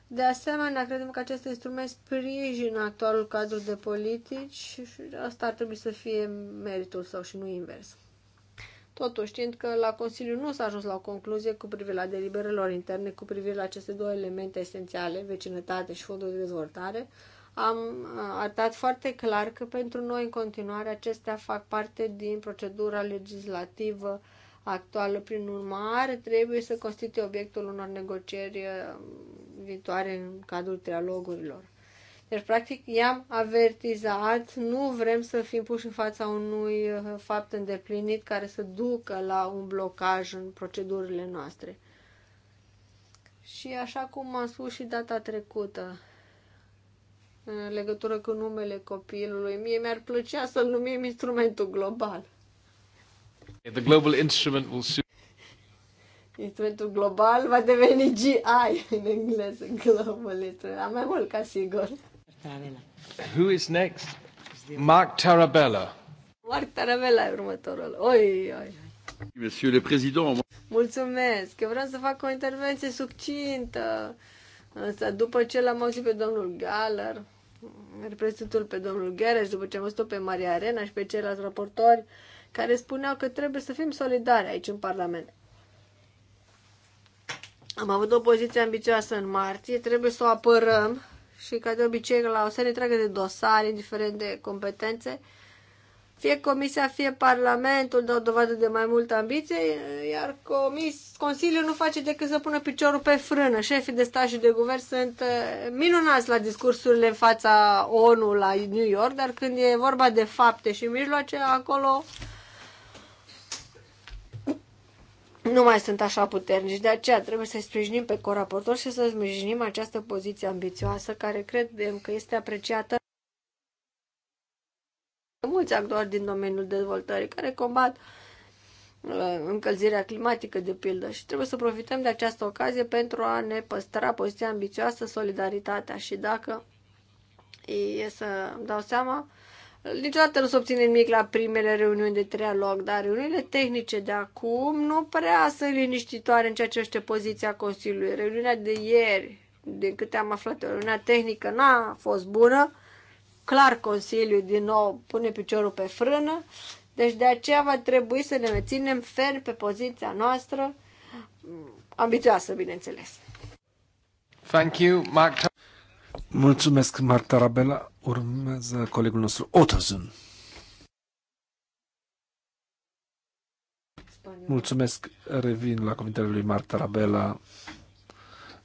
De asemenea, credem că acest instrument sprijină actualul cadru de politici și asta ar trebui să fie meritul sau și nu invers. Totuși, știind că la Consiliu nu s-a ajuns la o concluzie cu privire la deliberelor interne, cu privire la aceste două elemente esențiale, vecinătate și fondul de dezvoltare, am uh, arătat foarte clar că pentru noi în continuare acestea fac parte din procedura legislativă uh, actuală. Prin urmare, trebuie să constituie obiectul unor negocieri uh, viitoare în cadrul trialogurilor. Deci, practic, i-am avertizat, nu vrem să fim puși în fața unui uh, fapt îndeplinit care să ducă la un blocaj în procedurile noastre. Și așa cum am spus și data trecută, în legătură cu numele copilului, mie mi-ar plăcea să-l numim instrumentul global. The global instrument will soon... Instrumentul global va deveni GI în engleză, global instrument. Am mai mult ca sigur. Who is next? Mark Tarabella. Mark Tarabella e următorul. Oi, oi, oi. Monsieur le Président. Mulțumesc. Eu vreau să fac o intervenție succintă. Însă după ce l-am auzit pe domnul Galler, reprezentul pe domnul Gheres, după ce am văzut pe Maria Arena și pe ceilalți raportori, uh, care spuneau că trebuie să fim solidari aici în Parlament. Am avut o poziție ambițioasă în martie, trebuie să o apărăm și ca de obicei la o serie întreagă de dosare, indiferent de competențe, fie Comisia, fie Parlamentul dau dovadă de mai multă ambiție, iar comis, Consiliul nu face decât să pună piciorul pe frână. Șefii de stat și de guvern sunt eh, minunați la discursurile în fața ONU la New York, dar când e vorba de fapte și mijloace, acolo nu mai sunt așa puternici. De aceea trebuie să-i sprijinim pe coraportor și să sprijinim această poziție ambițioasă care credem că este apreciată de mulți actori din domeniul dezvoltării care combat uh, încălzirea climatică, de pildă. Și trebuie să profităm de această ocazie pentru a ne păstra poziția ambițioasă, solidaritatea. Și dacă e să dau seama, Niciodată nu se obține nimic la primele reuniuni de trialog, dar reuniunile tehnice de acum nu prea sunt liniștitoare în ceea ce este poziția Consiliului. Reuniunea de ieri, din câte am aflat, reuniunea tehnică n-a fost bună. Clar, Consiliul din nou pune piciorul pe frână. Deci de aceea va trebui să ne ținem ferm pe poziția noastră, ambițioasă, bineînțeles. Thank you, Mark. Mulțumesc, Marta Rabela Urmează colegul nostru, Otazun. Mulțumesc, revin la comentariul lui Marta Rabela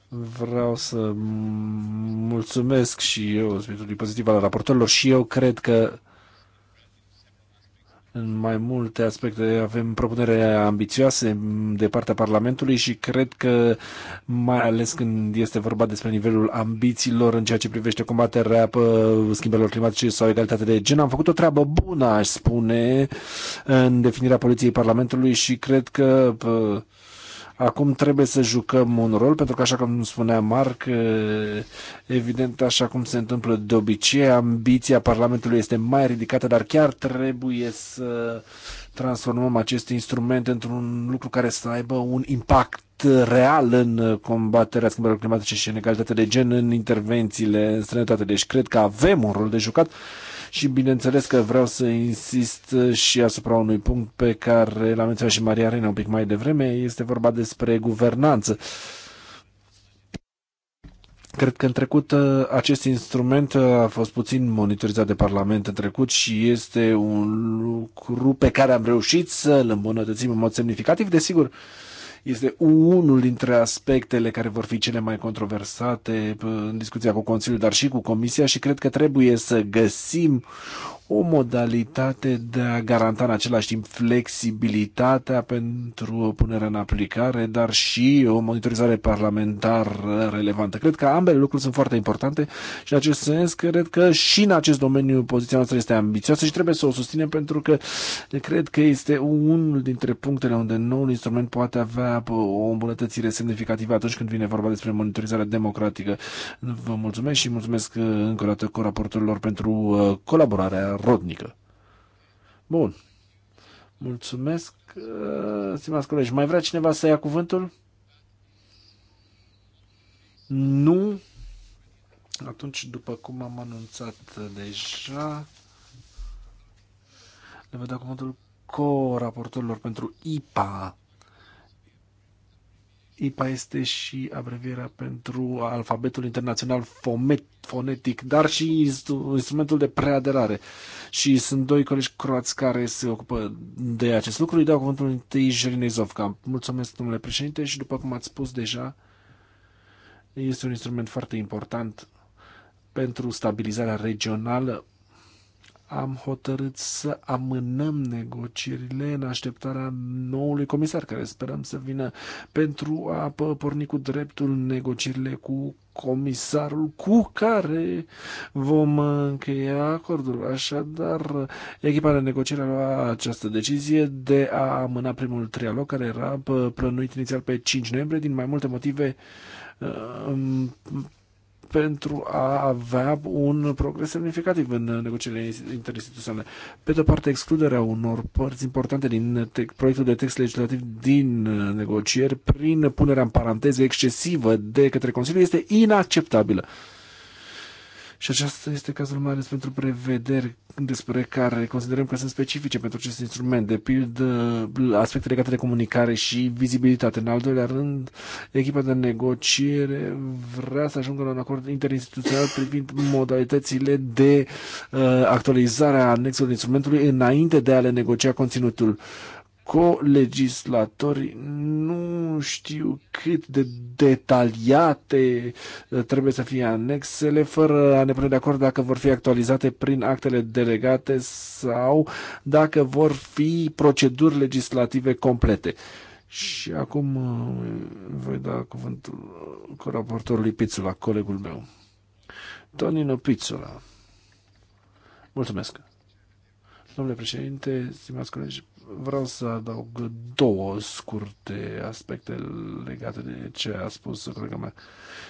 Vreau să mulțumesc și eu spiritului pozitiv al raportorilor și eu cred că în mai multe aspecte avem propunere ambițioase de partea Parlamentului și cred că, mai ales când este vorba despre nivelul ambițiilor în ceea ce privește combaterea schimbărilor climatice sau egalitate de gen, am făcut o treabă bună, aș spune, în definirea poliției Parlamentului și cred că Acum trebuie să jucăm un rol, pentru că, așa cum spunea Marc, evident, așa cum se întâmplă de obicei, ambiția Parlamentului este mai ridicată, dar chiar trebuie să transformăm acest instrument într-un lucru care să aibă un impact real în combaterea schimbărilor climatice și egalitate de gen în intervențiile în străinătate. Deci cred că avem un rol de jucat și bineînțeles că vreau să insist uh, și asupra unui punct pe care l-a menționat și Maria Arena un pic mai devreme, este vorba despre guvernanță. Cred că în trecut uh, acest instrument uh, a fost puțin monitorizat de Parlament în trecut și este un lucru pe care am reușit să-l îmbunătățim în mod semnificativ. Desigur, este unul dintre aspectele care vor fi cele mai controversate uh, în discuția cu Consiliul, dar și cu Comisia și cred că trebuie să găsim o modalitate de a garanta în același timp flexibilitatea pentru punerea în aplicare, dar și o monitorizare parlamentară relevantă. Cred că ambele lucruri sunt foarte importante și în acest sens cred că și în acest domeniu poziția noastră este ambițioasă și trebuie să o susținem pentru că cred că este unul dintre punctele unde noul instrument poate avea o îmbunătățire semnificativă atunci când vine vorba despre monitorizarea democratică. Vă mulțumesc și mulțumesc uh, încă o dată cu raporturilor pentru uh, colaborarea rodnică. Bun. Mulțumesc, uh, stimați colegi. Mai vrea cineva să ia cuvântul? Nu. Atunci, după cum am anunțat deja, le vă acum da cuvântul co-raportorilor pentru IPA IPA este și abrevierea pentru alfabetul internațional fonetic, dar și instrumentul de preaderare. Și sunt doi colegi croați care se ocupă de acest lucru. Îi dau cuvântul întâi Jelinei Zovca. Mulțumesc, domnule președinte, și după cum ați spus deja, este un instrument foarte important pentru stabilizarea regională am hotărât să amânăm negocierile în așteptarea noului comisar, care sperăm să vină pentru a porni cu dreptul negocierile cu comisarul cu care vom încheia acordul. Așadar, echipa de negociere a luat această decizie de a amâna primul trialog, care era plănuit inițial pe 5 noiembrie, din mai multe motive uh, pentru a avea un progres semnificativ în negocierile interinstituționale. Pe de o parte, excluderea unor părți importante din proiectul de text legislativ din uh, negocieri prin punerea în paranteză excesivă de către Consiliu este inacceptabilă. Și acesta este cazul mai ales pentru prevederi despre care considerăm că sunt specifice pentru acest instrument, de pildă aspecte legate de comunicare și vizibilitate. În al doilea rând, echipa de negociere vrea să ajungă la un acord interinstituțional privind modalitățile de uh, actualizare a anexelor instrumentului înainte de a le negocia conținutul. Uh, colegislatorii nu știu cât de detaliate uh, trebuie să fie anexele, fără a ne pune de acord dacă vor fi actualizate prin actele delegate sau dacă vor fi proceduri legislative complete. Și acum uh, voi da cuvântul cu raportorului Pițula, colegul meu. Tonino Pițula. Mulțumesc. Domnule președinte, stimați colegi, vreau să adaug două scurte aspecte legate de ce a spus colega mea.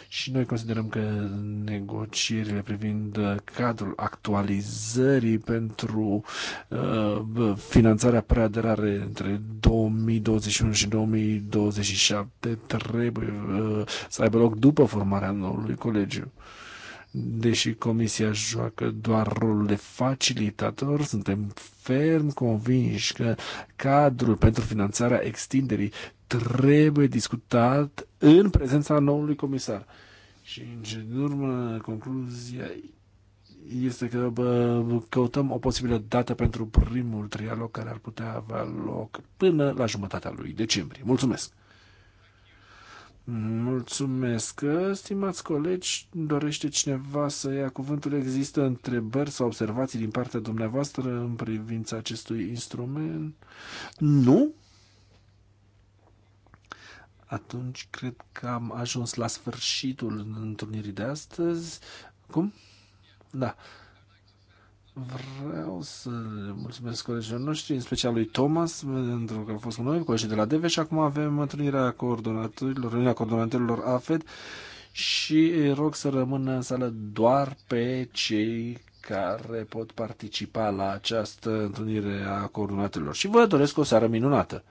Și noi considerăm că negocierile privind cadrul actualizării pentru uh, finanțarea preaderare între 2021 și 2027 trebuie uh, să aibă loc după formarea noului colegiu. Uh, Deși Comisia joacă doar rolul de facilitator, suntem ferm convinși că cadrul pentru finanțarea extinderii trebuie discutat în prezența noului comisar. Și, în urmă, concluzia este că bă, căutăm o posibilă dată pentru primul trialog care ar putea avea loc până la jumătatea lui decembrie. Mulțumesc! Mulțumesc. Stimați colegi, dorește cineva să ia cuvântul? Există întrebări sau observații din partea dumneavoastră în privința acestui instrument? Nu? Atunci cred că am ajuns la sfârșitul întâlnirii de astăzi. Cum? Da. Vreau să le mulțumesc colegilor noștri, în special lui Thomas, pentru că a fost cu noi, colegii de la DV și acum avem întâlnirea coordonatorilor, întâlnirea coordonatorilor AFED și rog să rămână în sală doar pe cei care pot participa la această întâlnire a coordonatorilor. Și vă doresc o seară minunată!